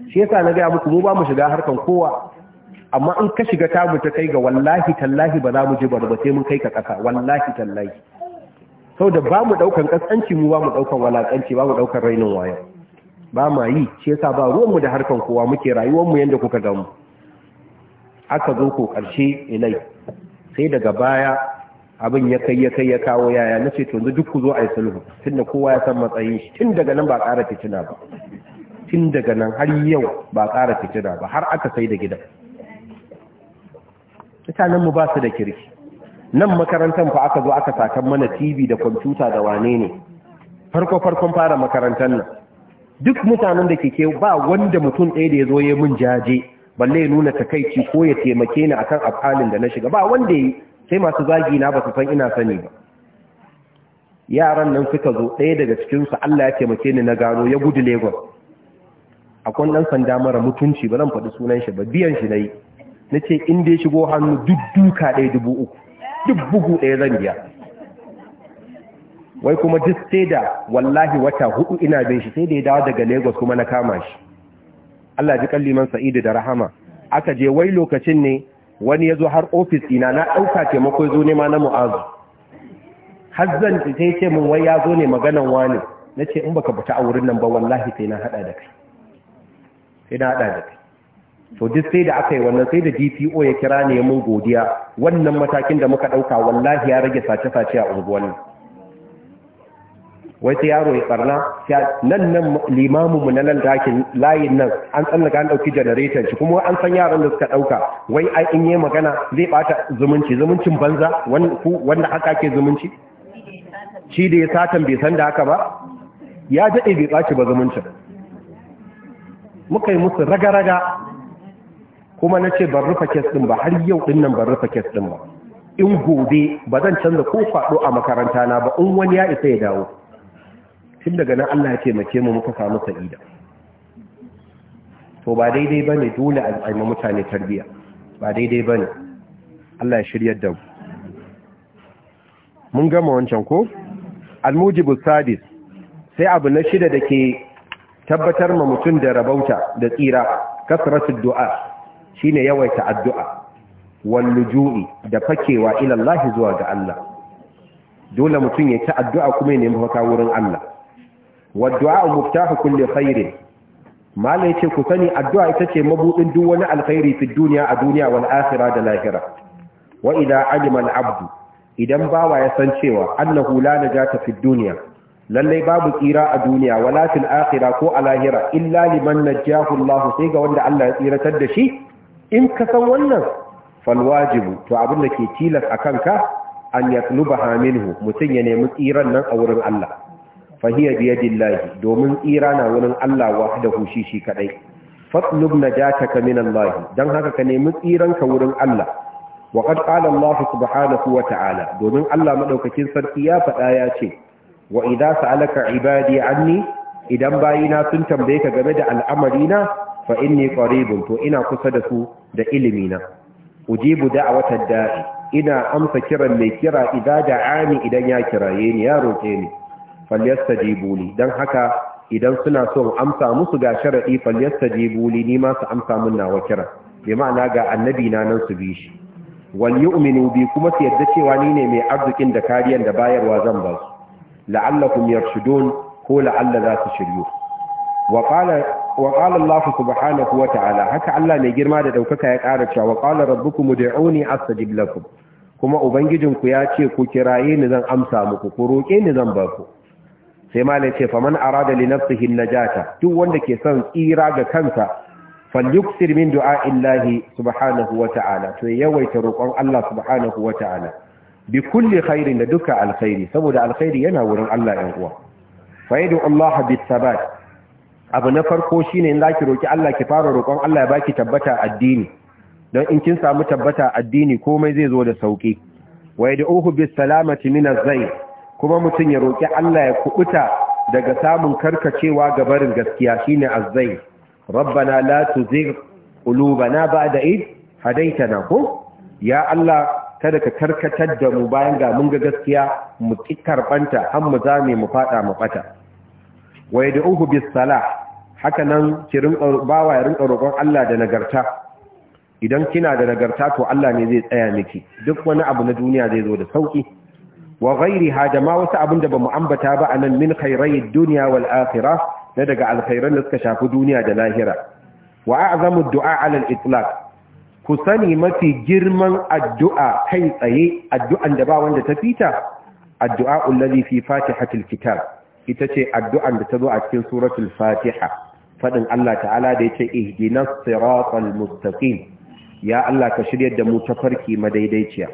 S1: shi yasa na gaya muku mu ba mu shiga harkan kowa amma in ka shiga tamu ta kai ga wallahi tallahi ba za mu ji barbace ba sai mun kai ka kasa wallahi tallahi sau da ba mu ɗaukan kasanci mu ba mu ɗaukan walakanci ba mu ɗaukan rainin waya ba ma yi shi yasa ba ruwanmu da harkan kowa muke rayuwar mu yanda kuka ga mu aka zo ko ƙarshe ilai sai daga baya abin ya kai ya kai ya kawo yaya na ce to yanzu duk ku zo a yi sulhu tunda kowa ya san matsayin shi tun daga nan ba ƙara fitina ba tun daga nan har yau ba ƙara fitina ba har aka sai da gidan mutanen mu ba su da kirki nan makarantar fa aka zo aka sakan mana TV da kwamfuta da wane ne farko farkon fara makarantar nan duk mutanen da ke ba wanda mutum ɗaya da ya zo ya mun jaje balle ya nuna takaici ko ya taimake ni akan afalin da na shiga ba wanda yi sai masu zagi na ba su san ina sani ba yaran nan suka zo ɗaya daga cikin su Allah ya taimake ni na gano ya gudu Lagos akwai ɗan sanda mara mutunci ba zan faɗi sunan shi ba biyan shi nayi na ce inda ya shigo hannu duk duka ɗaya dubu uku duk bugu ɗaya zan biya wai kuma duk sai da wallahi wata hudu ina bin shi sai da ya dawo daga lagos kuma na kama shi allah ji kalliman sa'idu da rahama aka je wai lokacin ne wani ya zo har ofis ina na ɗauka taimako ya zo nema na mu'azu har zan sai ce mun wai ya zo ne maganan wani na ce in baka fita a wurin nan ba wallahi sai na haɗa da kai to duk sai da aka yi wannan sai da DPO ya kira ne mun godiya wannan matakin da muka ɗauka, wallahi ya rage sace-sace a unguwanni wai sai yaro ya barna nan nan limamin mu na nan dakin layin nan an tsallaka an dauki generator shi kuma an san yaron da suka ɗauka. wai ai in yayi magana zai bata zumunci zumuncin banza wanda haka ke zumunci shi da ya satan bai san da haka ba ya dade bai baci ba zumuncin muka yi musu raga-raga kuma na ce ban rufe kes ɗin ba har yau ɗin nan ban rufe kes ɗin ba in gobe ba zan canza ko faɗo a makaranta na ba in wani ya isa ya dawo tun daga nan Allah ya taimake mu muka samu sa'ida to ba daidai ba ne dole a tsaima mutane tarbiya ba daidai ba ne Allah ya shiryar da mu mun gama wancan ko almujibu sadis sai abu na shida da ke tabbatar ma mutum da rabauta da tsira kasratu du'a shine yawaita addu'a wal luju'i da fakewa ila zuwa ga Allah dole mutum ya ta addu'a kuma ya nemi maka wurin Allah wad du'a muftahu kulli khairin malai yace ku sani addu'a ita ce mabuɗin duk wani alkhairi fi duniya a duniya wani akhirah da lahira wa idza alima abdu idan bawa ya san cewa annahu la najata fi duniya lallai babu tsira a duniya wala fil akhira ko a lahira illa liman najjahu Allah sai ga wanda Allah ya tsiratar da shi in ka san wannan falwajibu to abin da ke tilas a kanka an ya tsunubaha mutum ya nemi tsiran nan a wurin Allah fahiyar dillahi, domin tsira na wurin Allah da hushi shi kadai fatlub najataka minan lahi, dan haka ka nemi tsiranka wurin Allah wa qad qala Allah subhanahu wa ta'ala domin Allah maɗaukakin sarki ya faɗa ya ce wa idza sa'alaka ibadi anni idan bayina sun tambaye ka game da al'amarina fa inni qaribun to ina kusa da su da ilimina ujibu watan da'i ina amsa kiran mai kira idza Ami idan ya kiraye ni ya roke ni falyastajibu li dan haka idan suna son amsa musu ga sharadi falyastajibu li ni ma su amsa mun nawa kira bi ma'ana ga annabi na nan su bi shi wal yu'minu bi kuma su yadda cewa ni ne mai arzikin da kariyan da bayarwa zan ba su la'allakum yarshudun ko la'alla za su shiryu wa qala Allah subhanahu wa ta'ala haka Allah mai girma da daukaka ya ƙara cewa wa qala rabbukum ud'uni astajib lakum kuma ubangijinku ya ce ku kiraye ni zan amsa muku ku roƙe ni zan baku sai malai ce faman arada li nafsihi najata duk wanda ke son tsira ga kansa falyuksir du'a illahi subhanahu wa ta'ala to yawaita roƙon Allah subhanahu wa ta'ala bi kulli khairin da duka alkhairi saboda alkhairi yana wurin Allah ɗan uwa fa yadu Allah abu na farko shine in zaki roki Allah ki fara roƙon Allah ya baki tabbata addini don in kin samu tabbata addini komai zai zo da sauki wa yad'uhu bis salamati min az kuma mutun ya roki Allah ya kubuta daga samun karkacewa ga barin gaskiya shine az-zayl rabbana la tuzigh qulubana ba'da id hadaytana ko ya Allah kada ka karkatar da mu bayan ga mun ga gaskiya mu ki karɓanta, har mu zame mu fada mu fata wa da bis salah haka nan ki rinka bawa ya rinka roƙon Allah da nagarta idan kina da nagarta to Allah ne zai tsaya miki duk wani abu na duniya zai zo da sauki wa gairi da ma wasu abin da bamu ambata ba anan min khairai dunya wal akhirah na daga alkhairan da suka shafi duniya da lahira wa a'zamu du'a 'ala al-itlaq ku sani mafi girman addu'a kai tsaye addu'an da ba wanda ta fita addu'a allazi fi fatihatil kitab ita ce addu'an da ta zo a cikin suratul fatiha faɗin Allah ta'ala da ya ce ihdinas siratal mustaqim ya Allah ka shirya da mu tafarki madaidaiciya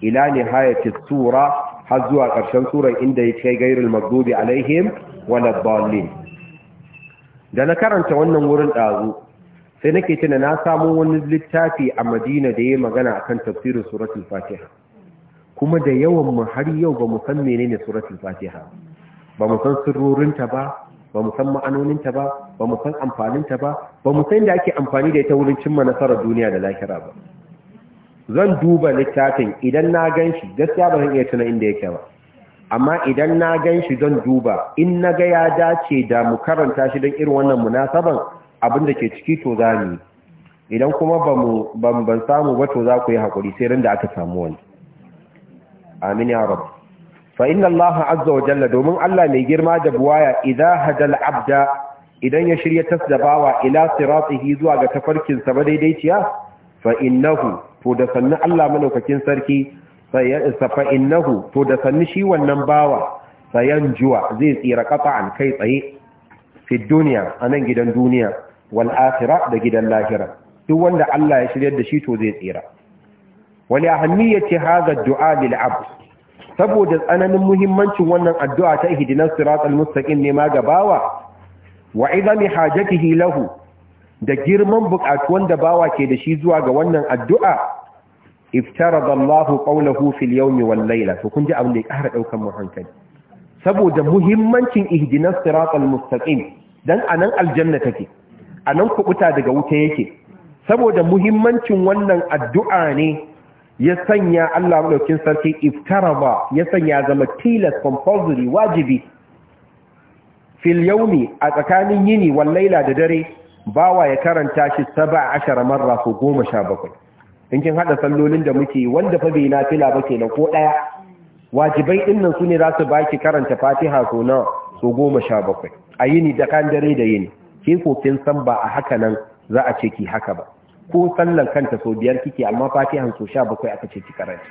S1: ila nihayatis sura har zuwa ƙarshen surar inda ya kai gairul maghdubi alaihim wala dallin da na karanta wannan wurin ɗazu sai nake tuna na samu wani littafi a Madina da ya magana akan tafsirin suratul fatiha kuma da yawan mu har yau ba mu san menene suratul fatiha ba mu san sirrorinta ba ba mu san ma'anoninta ba ba mu san amfaninta ba ba mu san da ake amfani da ita wurin cimma nasarar duniya da lahira ba zan duba littafin idan na gan shi gaskiya ba zan iya tuna inda yake ba amma idan na gan shi zan duba in na ga ya dace da mu karanta shi don irin wannan munasaban abin da ke ciki to za mu idan kuma ban samu ba to za ku yi haƙuri sai ran da aka samu wani amin ya rabu fa inna azza wa jalla domin Allah mai girma da buwaya idza hadal abda idan ya shirya tasdabawa ila siratihi zuwa ga tafarkin sa madaidaiciya fa innahu to da sanni Allah malaukakin sarki fa innahu to da sanni shi wannan bawa sayan juwa zai tsira qata'an kai tsaye fi a anan gidan duniya wal akhira da gidan lahira duk wanda Allah ya shiryar da shi to zai tsira wali ahammiyati hadha ad-du'a lil 'abd saboda tsananin muhimmancin wannan addu'a ta ihdinas siratal mustaqim ne ma gabawa wa idami hajatihi lahu da girman bukatuwan da bawa ke da shi zuwa ga wannan addu'a iftarada Allahu qawluhu fil yawmi wal layla to kun ji abin da ya ƙara daukan mu hankali saboda muhimmancin ihdinas siratal don dan anan aljanna take anan kubuta daga wuta yake saboda muhimmancin wannan addu'a ne ya sanya Allah madaukin sarki iftaraba ya sanya zama tilas compulsory wajibi fil a tsakanin yini wal laila da dare bawa ya karanta shi 17 marra ko 17 in kin haɗa sallolin da muke wanda fa bai nafila ba kenan ko ɗaya. wajibai su sune za su baki karanta Fatiha ko na sha bakwai. a yini da kan dare da yini ke ko san ba a haka nan za a ce ki haka ba ko sallan kanta sau biyar kike amma fatihan sau sha bakwai aka ce ki karanta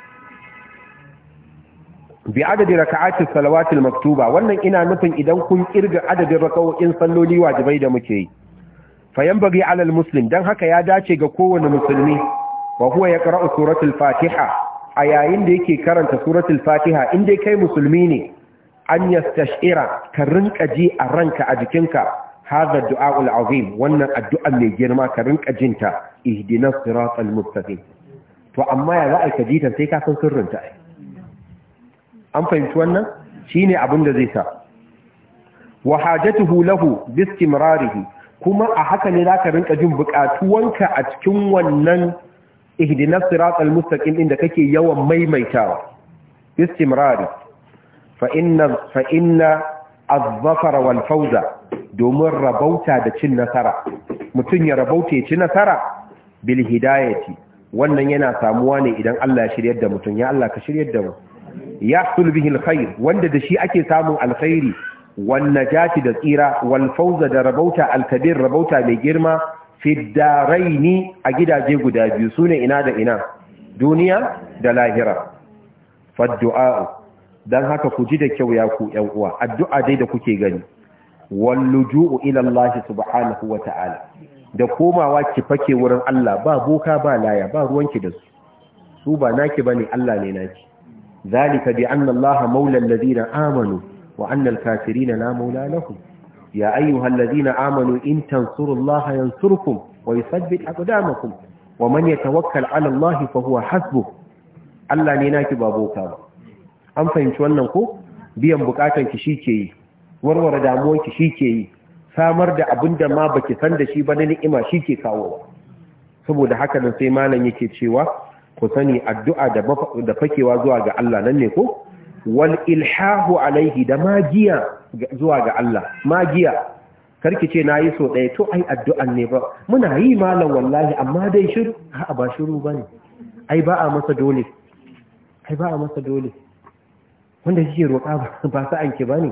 S1: bi adadi raka'ati salawatil maktuba wannan ina nufin idan kun kirga adadin raka'o'in salloli wajibai da muke yi fayan ya alal muslim dan haka ya dace ga kowane musulmi wa huwa yaqra'u suratul fatiha a yayin da yake karanta suratul fatiha in dai kai musulmi ne an yastashira ka rinka ji a ranka a jikinka hadha du'a'ul azim wannan addu'a mai girma ka rinka jinta ihdinas siratal to amma ya za a ka jitan sai ka san sirrinta an fahimci wannan shine abin da zai sa wa hulahu, lahu bistimrarihi kuma a haka ne zaka rinka jin buƙatuwanka a cikin wannan ihdinas siratal mustaqim din da kake yawan maimaitawa istimrari fa inna fa inna az-zafara domin rabauta da cin nasara mutum ya rabauta ya ci nasara bil hidayati wannan yana samuwa ne idan Allah ya shiryar da mutum ya Allah ka shiryar da mu yahsul bihi alkhair wanda da shi ake samun alkhairi wan najati da tsira wal fawza da rabauta alkabir rabauta mai girma fi daraini a gidaje guda biyu sune ina da ina duniya da lahira faddu'a dan haka ku ji da kyau ya ku uwa addu'a dai da kuke gani walluju'u ila Allah subhanahu wa ta'ala da komawa ki fake wurin Allah ba boka ba laya ba ruwanki da su su ba naki bane Allah ne naki zalika bi annallaha Allah maula amanu wa annal kafirina na maula ya ayyuhal lazina amanu in tansurullaha yansurkum wa yuthabbit aqdamakum wa man yatawakkal ala Allah fa huwa Allah ne naki ba boka ba an fahimci wannan ko biyan bukatan ki ke yi warware damuwar ki shike yi samar da abin da ma baki san da shi ba na ni'ima shike kawo saboda haka nan sai malam yake cewa ku sani addu'a da da fakewa zuwa ga Allah nan ne ko wal ilhahu alaihi da magiya zuwa ga Allah magiya karki ce nayi so ɗaya to ai addu'an ne ba muna yi malam wallahi amma dai shiru a ba shiru bane ai ba a masa dole ai ba a masa dole wanda kike roƙa ba sa anke bane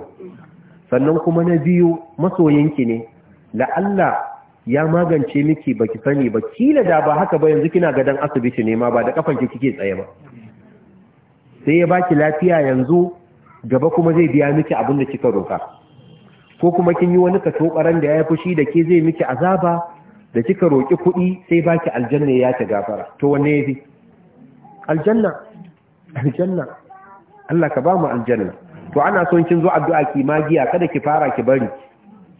S1: sannan kuma na biyu masoyinki ne la'alla ya magance miki baki sani ba kila da ba haka ba yanzu kina gadon asibiti ne ma ba da kafanki kike tsaye ba sai ya baki lafiya yanzu gaba kuma zai biya miki abin da kika roka ko kuma kin yi wani kaso karan da ya fushi da ke zai miki azaba da kika roki kuɗi sai baki aljanna ya ta gafara to wanne yafi aljanna aljanna Allah ka ba mu aljanna to ana son kin zo addu'a ki magiya kada ki fara ki bari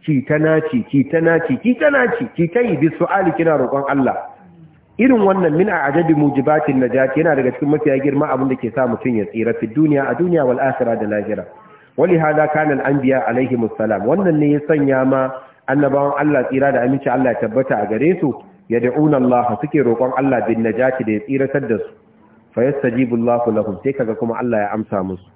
S1: ki ta naci ki ta naci ki ta ki yi bi su'ali kina roƙon Allah irin wannan min a ajabi mujibatin najati yana daga cikin mafiya girma abin da ke sa mutum ya tsira fi duniya a duniya wal akhirah da lahira wali hada kana al anbiya alaihi musallam wannan ne ya sanya ma annabawan Allah tsira da aminci Allah ya tabbata a gare su yad'una Allah suke roƙon Allah bin najati da ya tsira da su fayastajibu Allahu lahum sai kaga kuma Allah ya amsa musu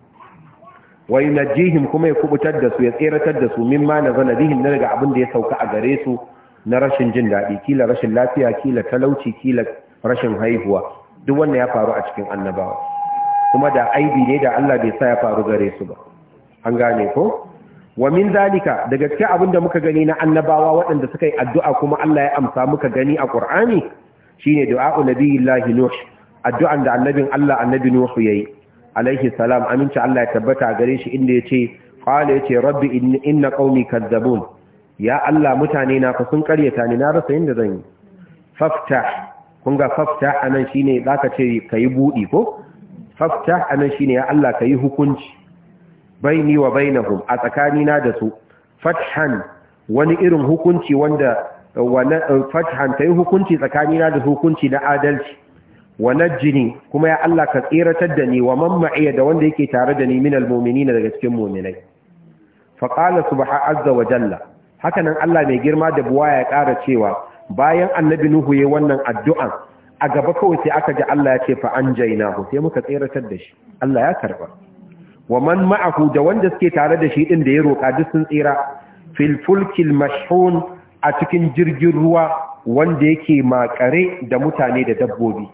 S1: wa yunajjihim kuma ya kubutar da su ya tseratar da su mimma zana bihim na daga abin da ya sauka a gare su na rashin jin daɗi kila rashin lafiya kila talauci kila rashin haihuwa duk wannan ya faru a cikin annabawa kuma da aibi ne da Allah bai sa ya faru gare su ba an gane ko wa min zalika daga cikin abin da muka gani na annabawa waɗanda suka yi addu'a kuma Allah ya amsa muka gani a Qur'ani shine du'a'u nabiyillahi nuh addu'an da annabin Allah annabi nuh yi. alaihi salam aminci Allah ya tabbata gare shi inda ya ce, yace ya ce, rabbi inna qaumi kadzabun ya Allah mutane na fa sun karyata ni na rasa yanda zan yi faftah kun ga faftah anan shine zaka ce kai budi ko faftah anan shine ya Allah kai hukunci baini wa bainahum a tsakanina da su fathan wani irin hukunci wanda eh, fathan kai hukunci tsakanina da hukunci na adalci wa najjini kuma ya Allah ka tsiratar da ni wa mamma'iya da wanda yake tare da ni min almu'minina daga cikin mu'minai fa qala subha azza wa jalla haka nan Allah mai girma da buwa ya ƙara cewa bayan annabi nuhu yayin wannan addu'an a gaba kawai sai aka ji Allah ya ce fa anjaynahu sai muka tsiratar da shi Allah ya karba wa man ma'ahu da wanda suke tare da shi din da ya roka duk sun tsira fil fulkil mashhun a cikin jirgin ruwa wanda yake makare da mutane da dabbobi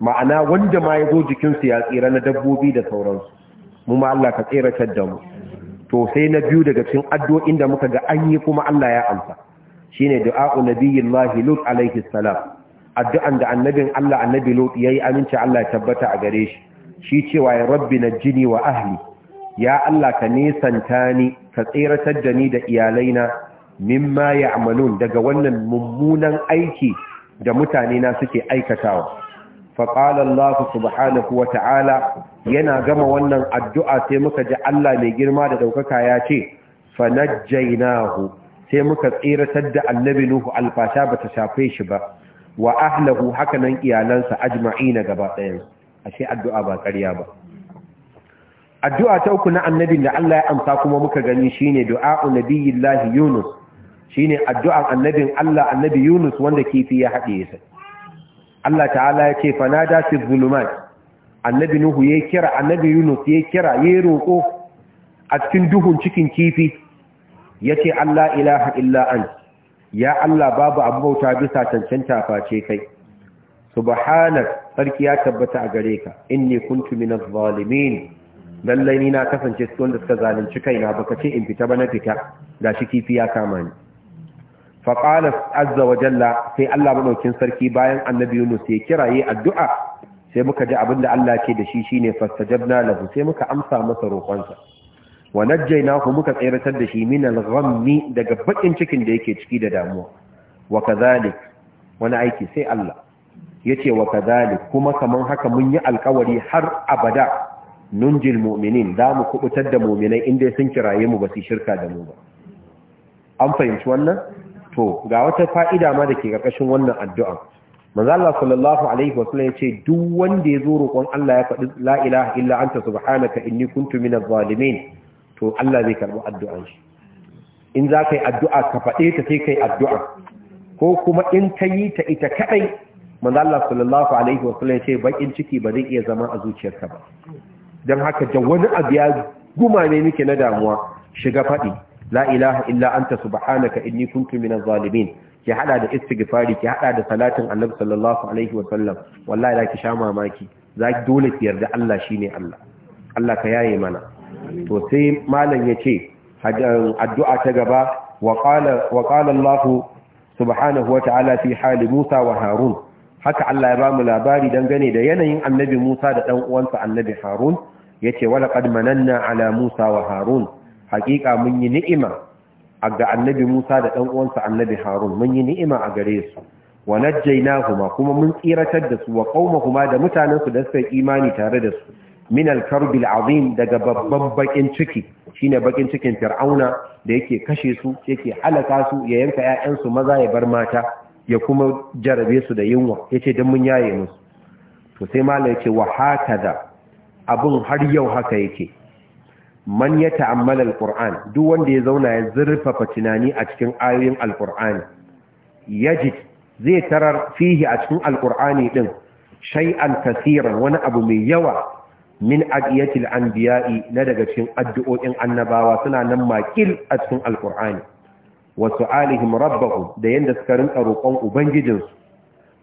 S1: ma'ana wanda ma ya zo jikinsu ya tsira na dabbobi da sauransu mu ma Allah ka tseratar da mu to sai na biyu daga cikin addu'o'in da muka ga an yi kuma Allah ya amsa shine du'a'u nabiyillahi lut alayhi salam addu'an da annabin Allah annabi lut yayi aminci Allah ya tabbata a gare shi shi cewa ya rabbi jini wa ahli ya Allah ka nisanta ni ka tseratar da ni da iyalaina mimma ya'malun daga wannan mummunan aiki da mutane na suke aikatawa faƙala Allah subhanahu wa ta'ala yana gama wannan addu'a sai muka ji Allah mai girma da ɗaukaka ya ce, fanajjainahu sai muka tsiratar da annabi Nuhu alfasha ba ta shafe shi ba, wa ahlahu hakanan iyalansa ajma'i na gaba ɗayan, ashe addu'a ba ƙarya ba. Addu'a ta uku na annabin da Allah ya amsa kuma muka gani shi ne du'a'u nabiyillahi Yunus, shi ne addu'an annabin Allah annabi Yunus wanda kifi ya haɗe sa. Allah ta'ala ya ce fanada fi zulumat annabi nuhu ya kira annabi yunus ya kira ya roƙo a cikin duhun cikin kifi ya ce Allah ilaha illa an ya Allah babu abauta bisa cancanta face kai subhanak sarki ya tabbata a gare ka inni kuntu minaz zalimin lallai ni na kasance cikin wanda suka zalunci kaina baka ce in fita ba na fita gashi kifi ya kama ni faƙala azza wa jalla sai Allah maɗaukin sarki bayan annabi Yunus ya kiraye addu'a sai muka ji abin da Allah ke da shi shine fastajabna lahu sai muka amsa masa roƙonsa wa ku muka tsayratar da shi min al-ghammi daga bakin cikin da yake ciki da damuwa wa wani aiki sai Allah yace wa kuma kaman haka mun yi alƙawari har abada nunjil mu'minin da mu kubutar da mu'minai inda sun kiraye mu ba su shirka da mu ba an fahimci wannan to ga wata fa'ida ma da ke ƙarƙashin wannan addu'a manzo Allah sallallahu alaihi wasallam ce, duk wanda ya zo roƙon Allah ya faɗi la ilaha illa anta subhanaka inni kuntu minaz zalimin to Allah zai karɓi addu'an shi in za ka yi addu'a ka faɗe ta sai ka yi addu'a ko kuma in ka yi ta ita kaɗai manzo sallallahu alaihi wasallam yace bakin ciki ba zai iya zama a zuciyarka ba dan haka da wani abu ya guma ne muke na damuwa shiga faɗi la ilaha illa anta subhanaka inni kuntu minaz zalimin ki hada da istighfari ki hada da salatin annabi sallallahu alaihi sallam. wallahi zaki sha mamaki zaki dole ki yarda Allah shine Allah Allah ka yaye mana to sai malam yace addu'a ta gaba wa qala wa qala Allah subhanahu wa ta'ala fi hali Musa wa Harun haka Allah ya bamu labari dangane da yanayin annabi Musa da dan uwansa annabi Harun yace wa laqad mananna ala Musa wa Harun hakika mun yi ni'ima a ga annabi Musa da ɗan uwansa annabi Harun mun yi ni'ima a gare su wa najjaynahuma kuma mun tsiratar da su wa kuma da mutanen su da suka imani tare da su min al azim daga babban bakin ciki shine baƙin cikin fir'auna da yake kashe su yake halaka su ya yanka 'ya'yansu maza ya bar mata ya kuma jarabe su da yunwa Ya ce dan mun yaye musu to sai malai yace wa hakaza abun har yau haka yake man ya ta'ammala alquran duk wanda ya zauna ya zurfafa tunani a cikin ayoyin alqur'ani yajid zai tarar fihi a cikin alqur'ani din shay'an kaseeran wani abu mai yawa min aqiyatil anbiya'i na daga cikin addu'o'in annabawa suna nan makil a cikin alqur'ani wa su'alihim rabbahum da yanda suka rinka roƙon ubangijinsu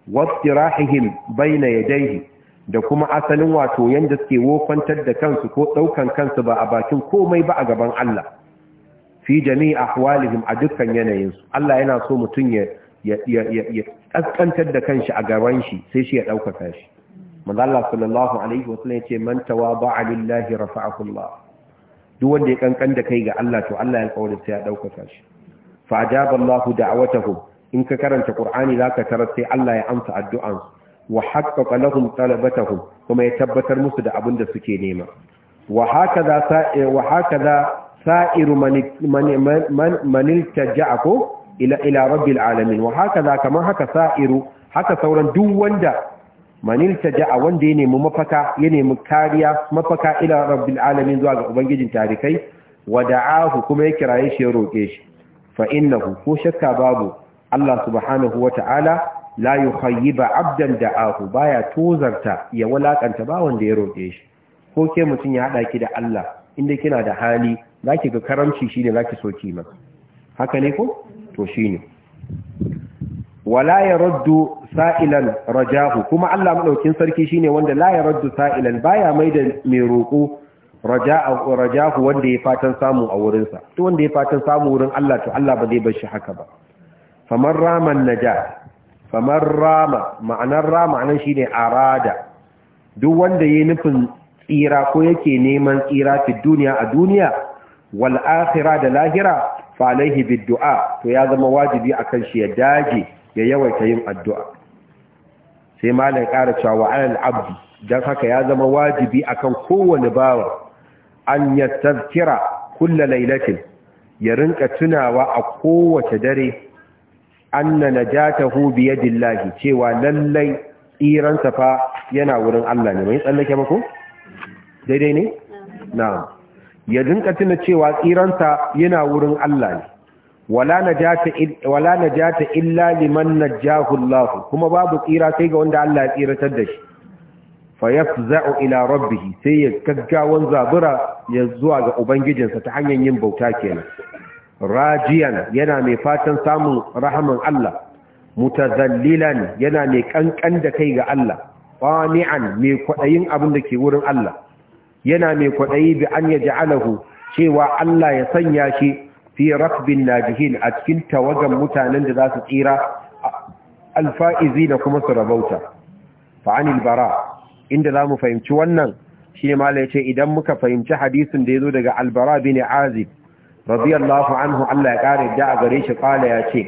S1: wa istirahihim bayna yadayhi da kuma asalin wato yanda suke wofantar da kansu ko ɗaukan kansu ba a bakin komai ba a gaban Allah fi jami'i ahwalihim a dukkan yanayinsu Allah yana so mutum ya ya kaskantar da kanshi a gaban shi sai shi ya ɗaukaka shi manzo Allah sallallahu alaihi wasallam yace man tawada'a lillahi rafa'ahu Allah duk wanda ya kankan da kai ga Allah to Allah ya kawo sai ya ɗaukaka shi fa ajaba Allah da'watahum in ka karanta Qur'ani zaka tarar sai Allah ya amsa addu'ansu wa haqqaqa lahum talabatahum kuma ya tabbatar musu da abun da suke nema wa hakaza eh, wa sa'iru man ko ila ila rabbil alamin wa hakaza kamar haka sa'iru haka sauran duk wanda manil taja'a wanda ya nemi ya nemi kariya mafaka ila zuwa ga ubangijin tarikai wada'ahu kuma ya kiraye shi ya roke shi fa innahu ko shakka babu Allah subhanahu wata'ala la yukhayyiba abdan da'ahu baya tozarta ya walakanta ba wanda ya roƙe shi ko ke mutun ya hada ki da Allah inda kina da hali zaki ga karamci shine zaki so ki masa haka ne ko to shine wala yaraddu sa'ilan rajahu kuma Allah madaukin sarki shine wanda la yaraddu sa'ilan baya maida mai roƙo rajahu rajahu wanda ya fatan samu a wurinsa to wanda ya fatan samu wurin Allah to Allah ba zai bar shi haka ba faman raman najah famar rama ma'anar rama nan shine arada duk wanda yayi nufin tsira ko yake neman tsira fi duniya a duniya wal da lahira fa alaihi to ya zama wajibi akan shi ya daje ya yawaita yin addu'a sai malam ƙara cewa wa alal abdi dan haka ya zama wajibi akan kowane bawa an tafkira kulla lailatin ya rinka tunawa a kowace dare anna najatahu bi yadillahi cewa lallai tsiransa fa yana wurin Allah ne mai tsallake mako daidai ne na'am ya dinka tuna cewa tsiransa yana wurin Allah ne wala najata wala najata illa liman najahu Allah kuma babu tsira sai ga wanda Allah ya tsiratar da shi fayafza'u ila rabbih sai ya gaggawan zabura ya zuwa ga ubangijinsa ta hanyar yin bauta kenan rajiyan yana mai fatan samun rahaman Allah mutazallilan yana mai ƙanƙan da kai ga Allah qani'an mai kwaɗayin abin da ke wurin Allah yana mai kwadayi bi an yaj'alahu cewa Allah ya sanya shi fi rakbin najihin a cikin tawagan mutanen da za su tsira alfa'izi kuma su rabauta fa'anil bara inda za mu fahimci wannan shi ne mala ce idan muka fahimci hadisin da ya zo daga albara bin azib radiyallahu anhu Allah ya kare da a gare shi kala ya ce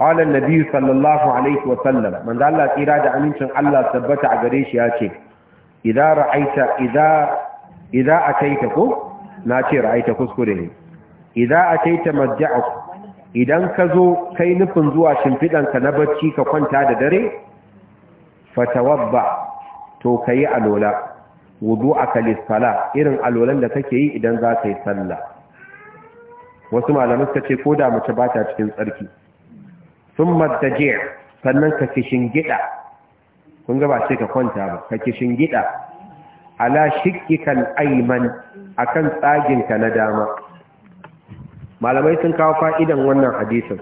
S1: qala an sallallahu alaihi wa sallam manzo tsira da amincin Allah tabbata a gare shi ya ce idza ra'aita idza idza kuskure ne idan ka zo kai nufin zuwa shimfidanka na barci ka kwanta da dare fatawabba to kayi alola wudu'aka irin alolan da kake yi idan za ka yi sallah wasu malamai suka ce ko da mace ba ta cikin tsarki sun maddaje sannan ka kishin gida kun ga ba ce ka kwanta ba ka kishin gida ala shikkikan aiman akan tsaginka na dama malamai sun kawo fa'idan wannan hadisin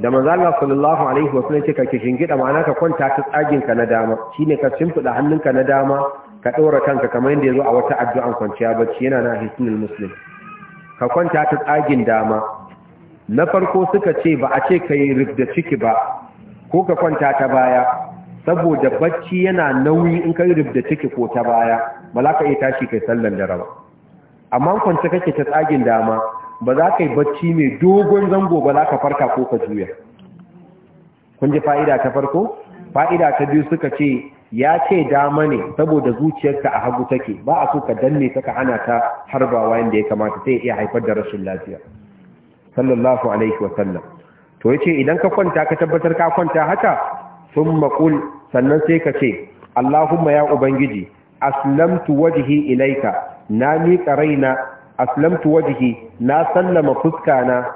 S1: da manzo Allah sallallahu alaihi wasallam ce ka kishin gida ma'ana ka kwanta ta tsaginka na dama shine ka shimfida hannunka na dama ka ɗora kanka kamar yadda ya zo a wata addu'an kwanciya bacci yana na hisnul muslim ka kwanta ta tsagin dama na farko suka ce ba a ce ka yi rufda ciki ba ko ka kwanta ta baya saboda bacci yana nauyi in ka yi rufda ciki ko ta baya ba za ka iya tashi kai sallan dare amma kwanta kake ta tsagin dama ba za ka yi bacci mai dogon zango ba za ka farka ko ka juya kun ji fa'ida ta farko fa'ida ta biyu suka ce ya ce dama ne saboda zuciyarka a hagu take ba a so ka danne ta hana ta harbawa yadda ya kamata sai iya haifar da rashin lafiya sallallahu alaihi wa sallam to yace idan ka kwanta ka tabbatar ka kwanta haka thumma qul sannan sai ka ce Allahumma ya ubangiji aslamtu wajhi ilaika na miƙa raina aslamtu wajhi na sallama fuskana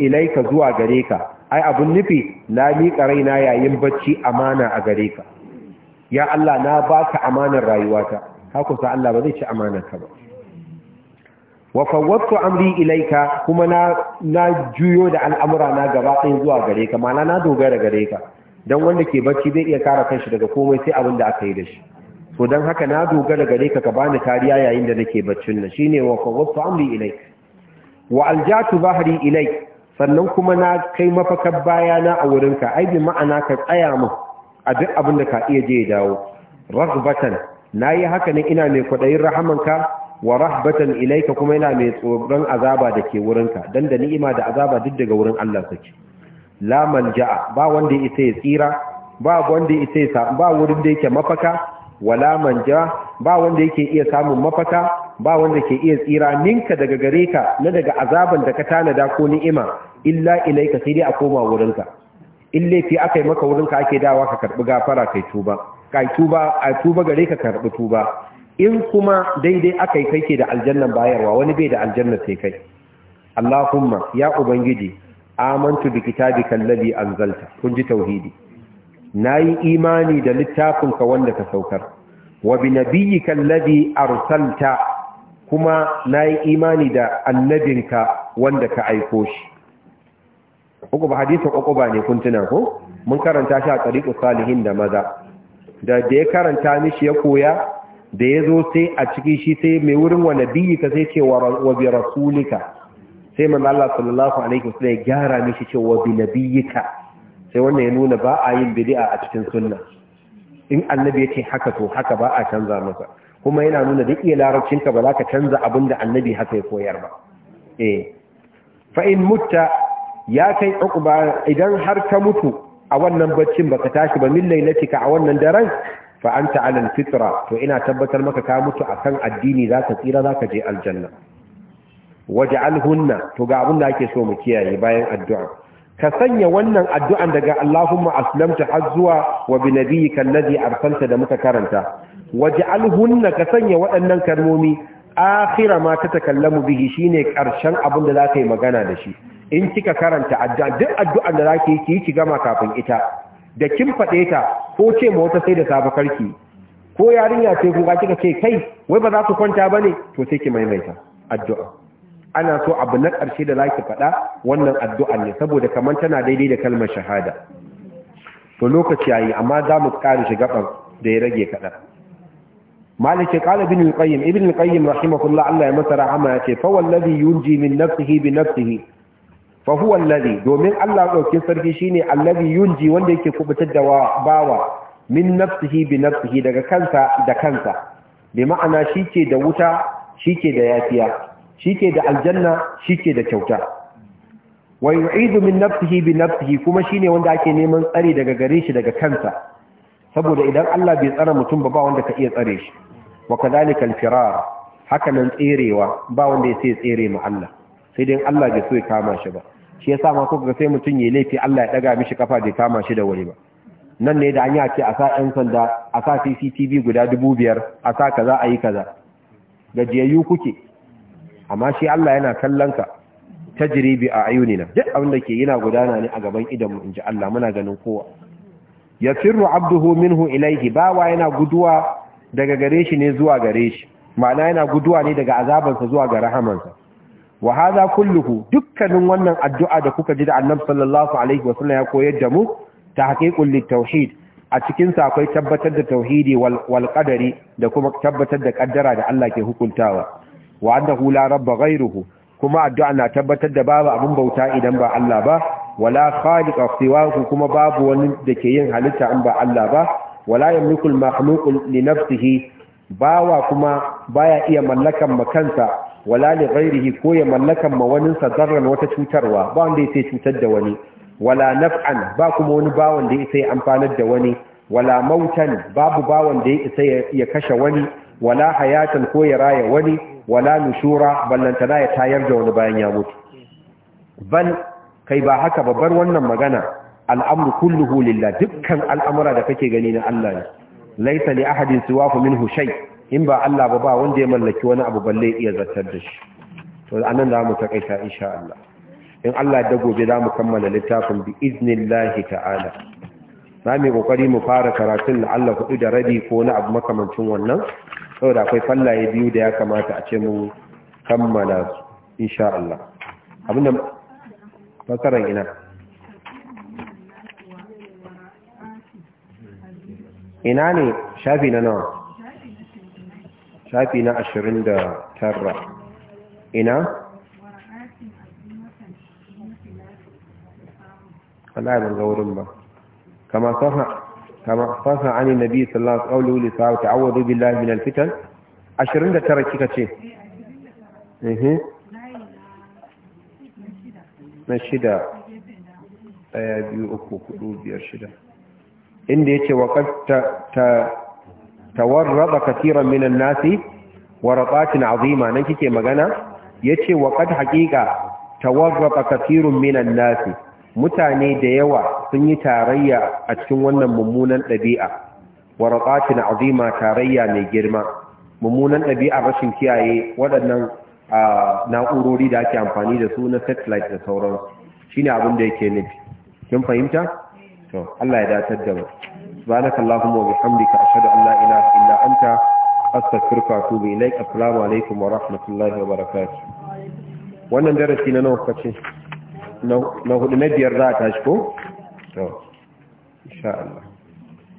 S1: ilaika zuwa gareka. ka ai abun nufi na miƙa raina yayin bacci amana a gare ka ya Allah na baka amanar rayuwata haka sa Allah ba zai ci amanarka ba wa amri ilaika kuma na na juyo da al'amura na gaba ɗaya zuwa gare ka mana na dogara gare ka dan wanda ke bacci zai iya kare kanshi daga komai sai abin da aka yi da shi so dan haka na dogara gare ka ka bani kariya yayin da nake baccin nan shine wa amri ilaika wa aljatu bahri ilaik sannan kuma na kai mafakar bayana a wurinka ai bi ma'ana ka tsaya mun. a duk abin da ka iya je ya dawo ragbatan yi haka ne ina mai kwaɗayin rahamanka wa rahbatan ilaika kuma ina mai tsoron azaba da ke wurinka don da ni'ima da azaba duk daga wurin Allah sake Laman ja'a ba wanda isa ya tsira ba wanda isa ya ba wurin da yake mafaka wa wala manja ba wanda yake iya samun mafaka ba wanda ke iya tsira ninka daga gare ka na daga azaban da ka tanada ko ni'ima illa ilaika sai dai a koma wurinka in laifi aka yi maka wurinka ake dawa ka karɓi gafara kai tuba kai tuba a tuba gare ka karɓi tuba in kuma daidai aka yi kai ke da aljannan bayarwa wani bai da aljanna sai kai Allahumma ya ubangiji amantu bi kitabika alladhi anzalta kun ji tauhidi nayi imani da littafinka wanda ka saukar wa bi nabiyyika alladhi arsalta kuma nayi imani da annabinka wanda ka aiko shi uku ba uku ba ne kun ko mun karanta shi a tsariƙu salihin da maza da da ya karanta mishi ya koya da ya zo sai a ciki shi sai mai wurin wa nabiyyi ka sai ce wa bi rasulika sai manzo Allah sallallahu alaihi wasallam ya gyara mishi ce wa bi nabiyika sai wannan ya nuna ba a yin bid'a a cikin sunna in annabi ya haka to haka ba a canza masa kuma yana nuna duk iya larabcinka ba za ka canza abin da annabi haka ya koyar ba eh fa in mutta ya kai uqba idan har ka mutu a wannan baccin baka tashi ba min lailatika a wannan daren fa anta ala alfitra to ina tabbatar maka ka mutu akan addini zaka tsira zaka je aljanna waj'alhunna to ga abin da ake so mu kiyaye bayan addu'a ka sanya wannan addu'an daga Allahumma aslamta har zuwa wa bi nabiyyika alladhi arsalta da muka karanta waj'alhunna ka sanya waɗannan kalmomi akhira ma tatakallamu bihi shine ƙarshen abin da zaka yi magana da shi in kika karanta addu'a duk addu'an da zaki yi ki gama kafin ita da kin faɗe ta ko ce ma wata sai da safe karki ko yarinya ce kuka kika ce kai wai ba za ku kwanta bane to sai ki maimaita addu'a ana so abu na ƙarshe da zaki faɗa wannan addu'a ne saboda kamar tana daidai da kalmar shahada to lokaci yayi amma za mu ƙara shiga ban da ya rage kaɗan مالك قال ابن القيم ابن القيم رحمه الله الله يمسر عما يتي فوالذي ينجي من نفسه بنفسه fa lari domin Allah dauke sarki shine alladhi yunji wanda yake kubutar da bawa min nafsihi bi nafsihi daga kansa da kansa bi ma'ana ke da wuta ke da yafiya ke da aljanna ke da kyauta wa yu'idu min nafsihi bi nafsihi kuma shine wanda ake neman tsari daga gare shi daga kansa saboda idan Allah bai tsara mutum ba ba wanda ka iya tsare shi wa kadhalika al-firar haka nan tserewa ba wanda ya sai tsere mu Allah sai dai Allah bai so ya kama shi ba shi yasa ma kuka sai mutum ya laifi Allah ya daga mishi kafa bai kama shi da wuri ba nan ne da an yi a sa ɗan sanda a sa CCTV guda dubu biyar a sa kaza a yi kaza gajiyayyu kuke amma shi Allah yana kallon ka Ta jiribi a na duk abin da ke yana gudana ne a gaban idanmu inji Allah muna ganin kowa firru abduhu minhu ilaihi bawa yana guduwa daga gare shi ne zuwa gare shi ma'ana yana guduwa ne daga azabansa zuwa ga rahamansa wa hadha kulluhu dukkanin wannan addu'a da kuka ji da Annabi sallallahu alaihi wasallam ya koyar da mu tahqiqul litauhid a cikin sa akwai tabbatar da tauhidi wal qadari da kuma tabbatar da kaddara da Allah ke hukuntawa wa annahu la rabba ghayruhu kuma addu'a na tabbatar da babu abin bauta idan ba Allah ba wala khaliqa siwahu kuma babu wani da ke yin halitta in ba Allah ba wala yamliku al-makhluq li nafsihi bawa kuma baya iya mallakan makansa wala li ghairihi ko ya mallakan ma wani sadarran wata cutarwa ba wanda ya cutar da wani wala naf'an ba kuma wani bawan da ya amfanar da wani wala mautan babu bawan da ya isa ya kashe wani wala hayatan ko ya raya wani wala nushura ballantana ya tayar da wani bayan ya mutu bal kai ba haka babbar wannan magana al'amru kulluhu lillah dukkan al'amura da kake gani na Allah ne laisa li ahadin siwahu minhu shay' in ba Allah ba ba wanda ya mallaki wani abu balle iya zartar da shi to anan za mu takaita insha Allah in Allah da gobe za mu kammala littafin bi iznillahi ta'ala za mu kokari mu fara karatun na Allah ku da rabi ko na abu makamancin wannan saboda akwai fallaye biyu da ya kamata a ce mu kammala su insha Allah abinda fasaran ina ina ne shafi na nawa shafi na ashirin da tara ina Allah ban ga wurin ba kama saha kama saha ani nabi sallallahu alaihi wasallam qawlu li sa'a billahi min fitan 29 kika ce eh na shida daya biyu uku hudu biyar shida inda yace wa qad ta tawarraba katiran minan nasi na azima nan kike magana yace wa qad haqiqa tawarraba katirun minan nasi mutane da yawa sun yi tarayya a cikin wannan mummunan ɗabi'a na azima tarayya mai girma mummunan ɗabi'a rashin kiyaye waɗannan na'urori da ake amfani da su na satellite da sauransu shine abin da yake nufi kin fahimta to Allah ya datar da mu subhanaka allahumma wa bihamdika ashhadu an la ilaha illa anta astaghfiruka wa atubu ilaik assalamu alaikum wa wannan darasi na nawa kace na hudu na biyar za a tashi ko to insha Allah